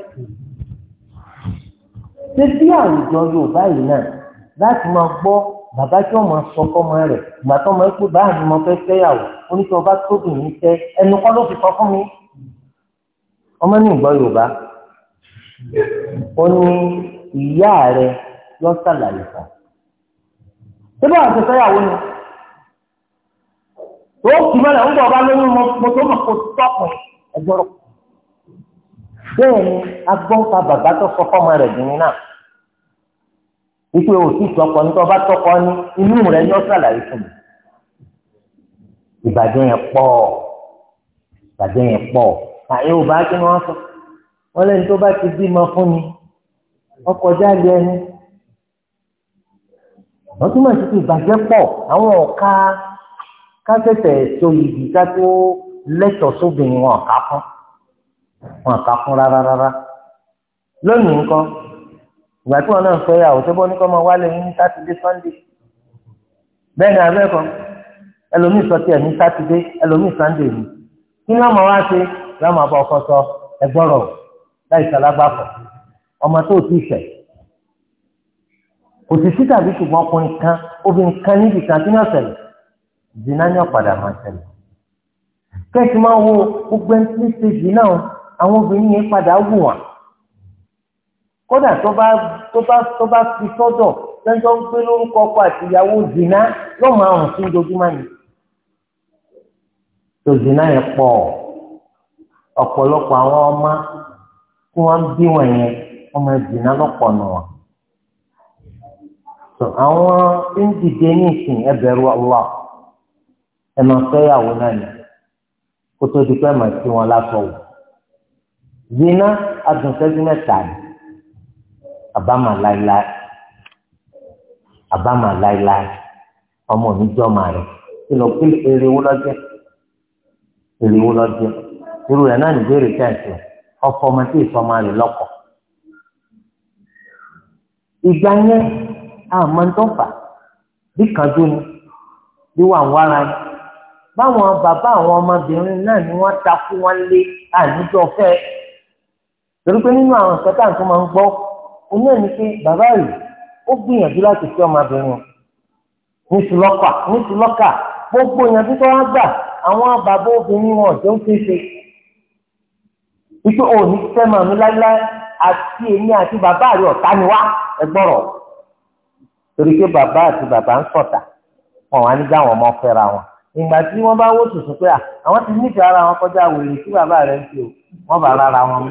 ṣé bí àwùjọ Yorùbá yìí náà láti máa gbọ́ bàbá tí wọ́n máa sọ fọ́mọ rẹ̀ ìgbà tó máa ń pè báyìí ni mo fẹ́ fẹ́yàwó onítọ̀ bá tóbi ní tẹ ẹnu kọ́ ló fi sọ fún mi. ọmọ ní ìgbọ́ Yorùbá ó ní ìyá rẹ̀ yọ sàlàyé kan ṣé báwọn ti fẹ́yàwó ni ó kì í mọ́lẹ̀ ń bọ̀ bá lóyún mo tó mọ̀ kó tọ́kùn ẹ̀gbọ́rọ̀ bẹ́ẹ̀ ni agbọ́nka bàbá tó sọ fọ́mọ rẹ̀ dùnmí náà wípé òtún tọkọ ní tọba tọkọ ní inú rẹ̀ ní ọ̀sàlàyé fún mi ìbàjẹ́ yẹn pọ̀ ìbàjẹ́ yẹn pọ̀ àyè ò bá kí ni wọ́n sọ wọ́n lẹ́ni tó bá ti bímọ fún mi ọkọ̀ jáde ẹni wọ́n túmọ̀ sí pé ìbàjẹ́ pọ̀ àwọn ọ̀ka kásẹ̀tẹ̀ so yìí ká tó lẹ́tọ̀ọ́ sóbìnrin wọn ọ̀ka fún wọn kà fún rárá rárá lónìí nǹkan ìgbà tí wọn náà fẹ́ yàwó tó bọ́ ní kọ́ máa wálé ní sátidé sọ́ndé bẹ́ẹ̀ ni abẹ́kọ̀ ẹlòmíì sọ tiẹ̀ ní sátidé ẹlòmíì sọ́ndé ni kí ni ọmọ wa ṣe lọ́mọ àbọ̀ ọkọ sọ ẹgbọ́rọ̀ láì sálágbàfọ̀ ọmọ tó ti fẹ̀ kò sì sí tàbí ṣùgbọ́n ọkùnrin kan obìnrin kan níbi kan tí wọ́n ṣẹlẹ̀ jìnnà ní ọ̀padà máa ṣẹlẹ̀ kẹ́sì máa wo gbogbo ẹni tí ń ṣe jìnnà àwọn obìnrin yẹn padà wù wọn kódà tó bá tó bá tó bá fi sọ́dọ̀ lọ́jọ́ ń pé lórúkọ ọkọ àti ìyàwó zina yóò máa rùn sí ojoojúmọ́ ni tó zina yẹn pọ̀ ọ̀pọ̀lọpọ̀ àwọn ọmọ tí wọ́n ń bí wọn yẹn wọ́n máa zina lọ́pọ̀ nù wọn tó àwọn ń dìde ní ìsìn ẹ bẹ̀rù Allah ẹ máa fẹ́ yàwó náà ni kó tó di pé wọn lásọ̀wọ̀ zina adùnsẹ́jú mẹ́ta ni àbámà láéláé àbámà láéláé ọmọ mi jọ màá rẹ kí lọ kí èrè wó lọ́jọ́ èrè wó lọ́jọ́ irú rẹ̀ náà nìbéèrè tẹ̀sí ọkọ ọmọ tí ìfọmọ rẹ lọ́kọ̀ ìgbà yẹn àmọ́ ń bí kanjú ni bí wà ń wára ni báwọn bàbá àwọn ọmọbìnrin náà ni wọ́n takú wọn lé àníjọ fẹ́ẹ́. torí pé nínú àwọn nke tá à ń tún máa ń gbọ́ oní ẹni pé bàbá rẹ̀ ó gbìyànjú láti fi gbogbo ìyànjú tó wá gbà àwọn bàbá obìnrin wọn ọ̀jọ́ ń ṣeéṣe wípé òní fẹ́ màmí láíláí àti èmi àti bàbá rẹ̀ ọ̀tá ni wá ẹgbọ́rọ̀ torí pé bàbá àti bàbá ń wọn ìgbà tí wọ́n bá wó tuntun pé àwọn ti nífẹ̀ẹ́ ara wọn kọjá wèrè tí bàbá rẹ̀ ń fi o wọn bá ara wọn mú.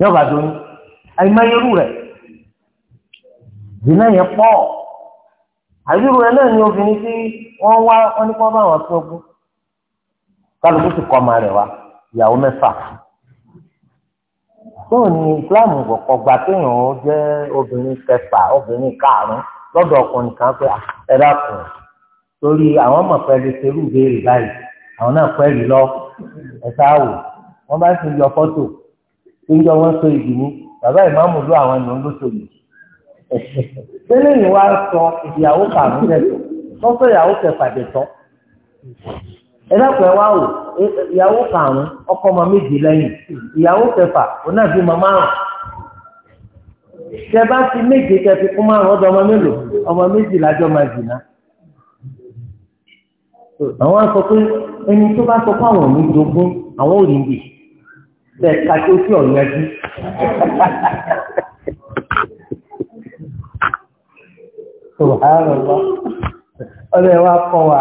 yọ̀bà tó ní àìmọyerú rẹ̀ yẹn rẹ náà ni obìnrin tí wọ́n wá wọn ní kí wọ́n bá wọn tó kálukú ti kọ́ ọmọ rẹ̀ wá ìyàwó mẹ́fà tóun ní Islam kọkọ gba kéèyàn jẹ́ obìnrin kẹfà obìnrin karùn ọkùnrin kan pé torí àwọn ọmọ pẹ̀lú serú béèrè báyìí àwọn náà pẹ̀lú lọ ẹ̀ka wò wọ́n bá ti yọ fọ́tò tó ń jọ wọ́n so ìdí ní bàbá ìmáàmù ló àwọn ènìyàn ló so yìí. tẹ́lẹ̀ yìí wá sọ ìyàwó karùn-ún lẹ́tọ̀ wọ́n fẹ́ ìyàwó kẹfà dẹ̀tọ́. ẹ dákun ẹ wá wò ìyàwó karùn-ún ọkọ ọmọ méjì lẹ́yìn ìyàwó kẹfà òun náà fi mọ márùn-ún tẹ bá fi méje kẹfì kún márùn ọdọ ọmọ mélòó ọmọ méjì lájọ máa jìnnà àwọn sọ pé ẹni tó bá sọ fáwọn òní jogún àwọn ò ní ká tó sí ọ̀yàn jí. ọlọ́ ẹ wá kọ́ wa.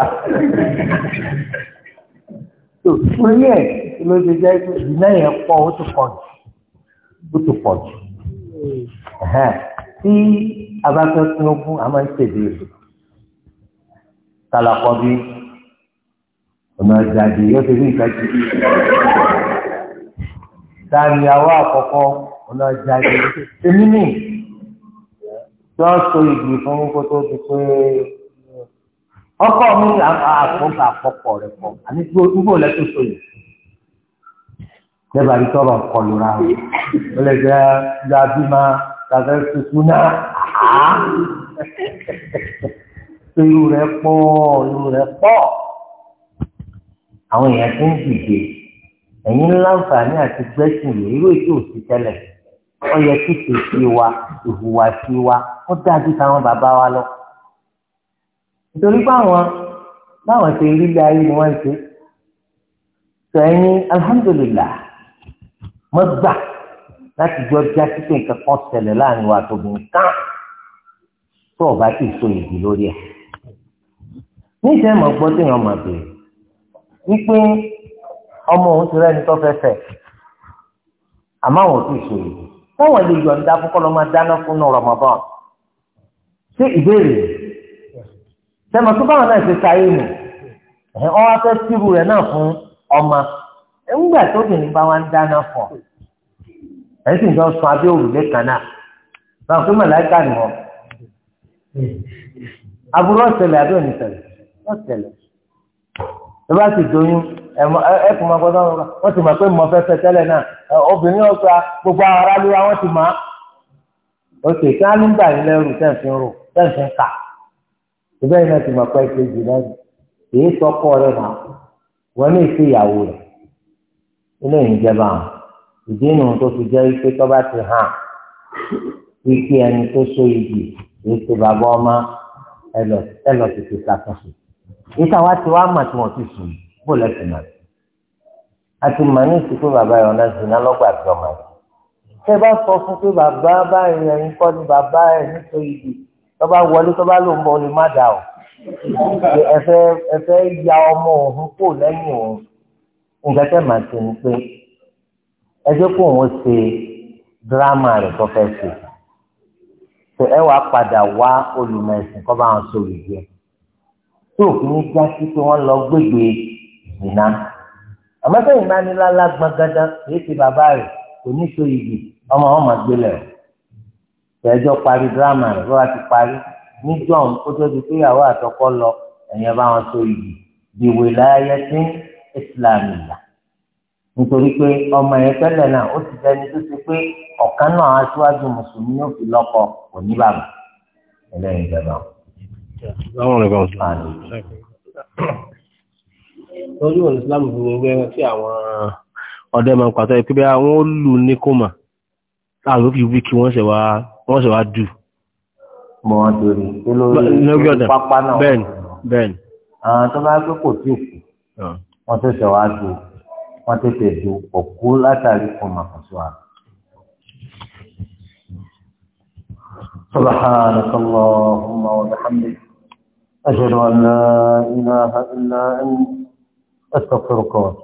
orí ẹ̀ ló ti jẹ́ ìdílé yẹn pọ̀ ó ti pọ̀ jù ó ti pọ̀ jù. tí a bá fẹ́ pín ogún a máa ń ṣèbéèrè. kálá kọ́ bí ọ̀nà ìjàdì yóò ti rí ìkàtí. Táàmì àwọ̀ àkọ́kọ́ ọ̀nà ìjàdì èmi nì. Yọ so ìgbì fún kó tó di pé ọkọ mi àfọ̀gbà àkọ́kọ́ rẹ̀ pọ̀ àní gbogbo lẹ́tọ̀ so yìí. Dẹ́gbà rí tọrọ kọlu ra o. Ó lè jẹ́ dàbí máa tàbí tuntun náà. Irú rẹ̀ pọ̀, irú rẹ̀ pọ̀ àwọn èèyàn ti ń dìde ẹ̀yin láǹfààní àti gbẹ́sìn yìí irú èyí ò sí tẹ́lẹ̀ wọ́n yẹ kí tètè wa ìhùwàsí wa ó dájú táwọn bàbá wa lọ. nítorí báwọn báwọn ṣe rí ilé ayé ni wọ́n ṣe sọ ẹ̀yin alhamdulillah mo gbà láti jọ já títí nǹkan kan ṣẹlẹ̀ láàrin wa tóbi nǹkan tó ọba ti so ìdí lórí ẹ̀. níṣẹ́ mọ̀ gbọ́ téèyàn máa bèrè. wípé ọmọ òun ti rẹ́ni tó fẹ́ fẹ́ àmọ́ àwọn òtún ìṣòro táwọn ilé yọ̀ǹda fúnkọ́ dáná fún Ramadan ṣé ìbéèrè sẹ́mi tó báwọn náà ṣe sáyé nù ẹ̀ ọ́ wá fẹ́ sírù rẹ̀ náà fún ọmọ ńgbà tó bìnrin bá wá dáná fọ̀ ẹ̀ sì ń jọ sọ òrùlé kan náà báwọn tó aburú ẹ bá sì doyún ẹ kò máa gbọ́dọ̀ wọn ti mọ̀ pé mo fẹ́ fẹ́ náà obìnrin gbogbo ara ló wọn ti mọ̀ òkè kí á ní gbà yín rò kà ìbẹ́ yìí náà ti mọ̀ pé kejì náà èyí náà ní ìfẹ́ ìyàwó ike ike ẹni tó so igi èyí bàbá ọmọ ẹ ìta wa ti wá mà tí wọn ti sùn bó lẹsẹ mà a ti mà ní ìsìnkú bàbá yẹn ọ̀nà ìsìnà lọ́gbà tí ọmọ yẹn tẹ bá sọ fún pé bàbá báyìí ẹ̀yin kọ́ ni bàbá ẹ̀ nítorí ìdí tọ́ba wọlé tọ́ba ló ń bọ̀ ọ lè má dà o ẹ̀fẹ́ ẹ̀fẹ́ ya ọmọ òun kò lẹ́yìn òun nǹkan tẹ́ màá ti ní pé ẹ jẹ́ kó òun ṣe gírámà rẹ̀ tó fẹ́ ṣe ẹ wàá padà wá olùmọ̀ ẹ̀sìn kọ́ bá wọn sọ òwì díẹ̀ tí òfin ní já sí pé wọ́n lọ gbégbé ìná àmọ́ sẹ́yìn bá ní lálá gbọ́ngàdá èyí ti bàbá rẹ̀ kò ní so ìdì ọmọ wọn máa gbélé rẹ̀ tẹ̀jọ́ parí dírámà rẹ̀ lọ́wọ́ ti parí níjọ́ kó tó di pé ìyàwó àtọkọ lọ ẹ̀yẹn bá wọn so ìdì bìwé láyé sí ìsìlámù ìyá nítorí pé ọmọ yẹn tẹ́lẹ̀ náà ó ti dẹni tó ti pé ọ̀kan náà aṣáájú mùsùlùmí yóò fi lọ́kọ kò lórí ọ̀nà ìsìlámù fún gbogbo ẹran tí àwọn ọdẹ máa ń pàtó ẹ pé bí àwọn olù ní kò mà láàrín òfin wíkì wọ́n ṣẹ̀ wá dù. mọ̀ ọ́n torí lórí pápá náà bẹ́ẹ̀ni bẹ́ẹ̀ni. tó bá pẹ́ kò tí òkú wọ́n سبحانك اللهم وبحمدك أشهد أن لا إله إلا أنت أستغفرك وأتوب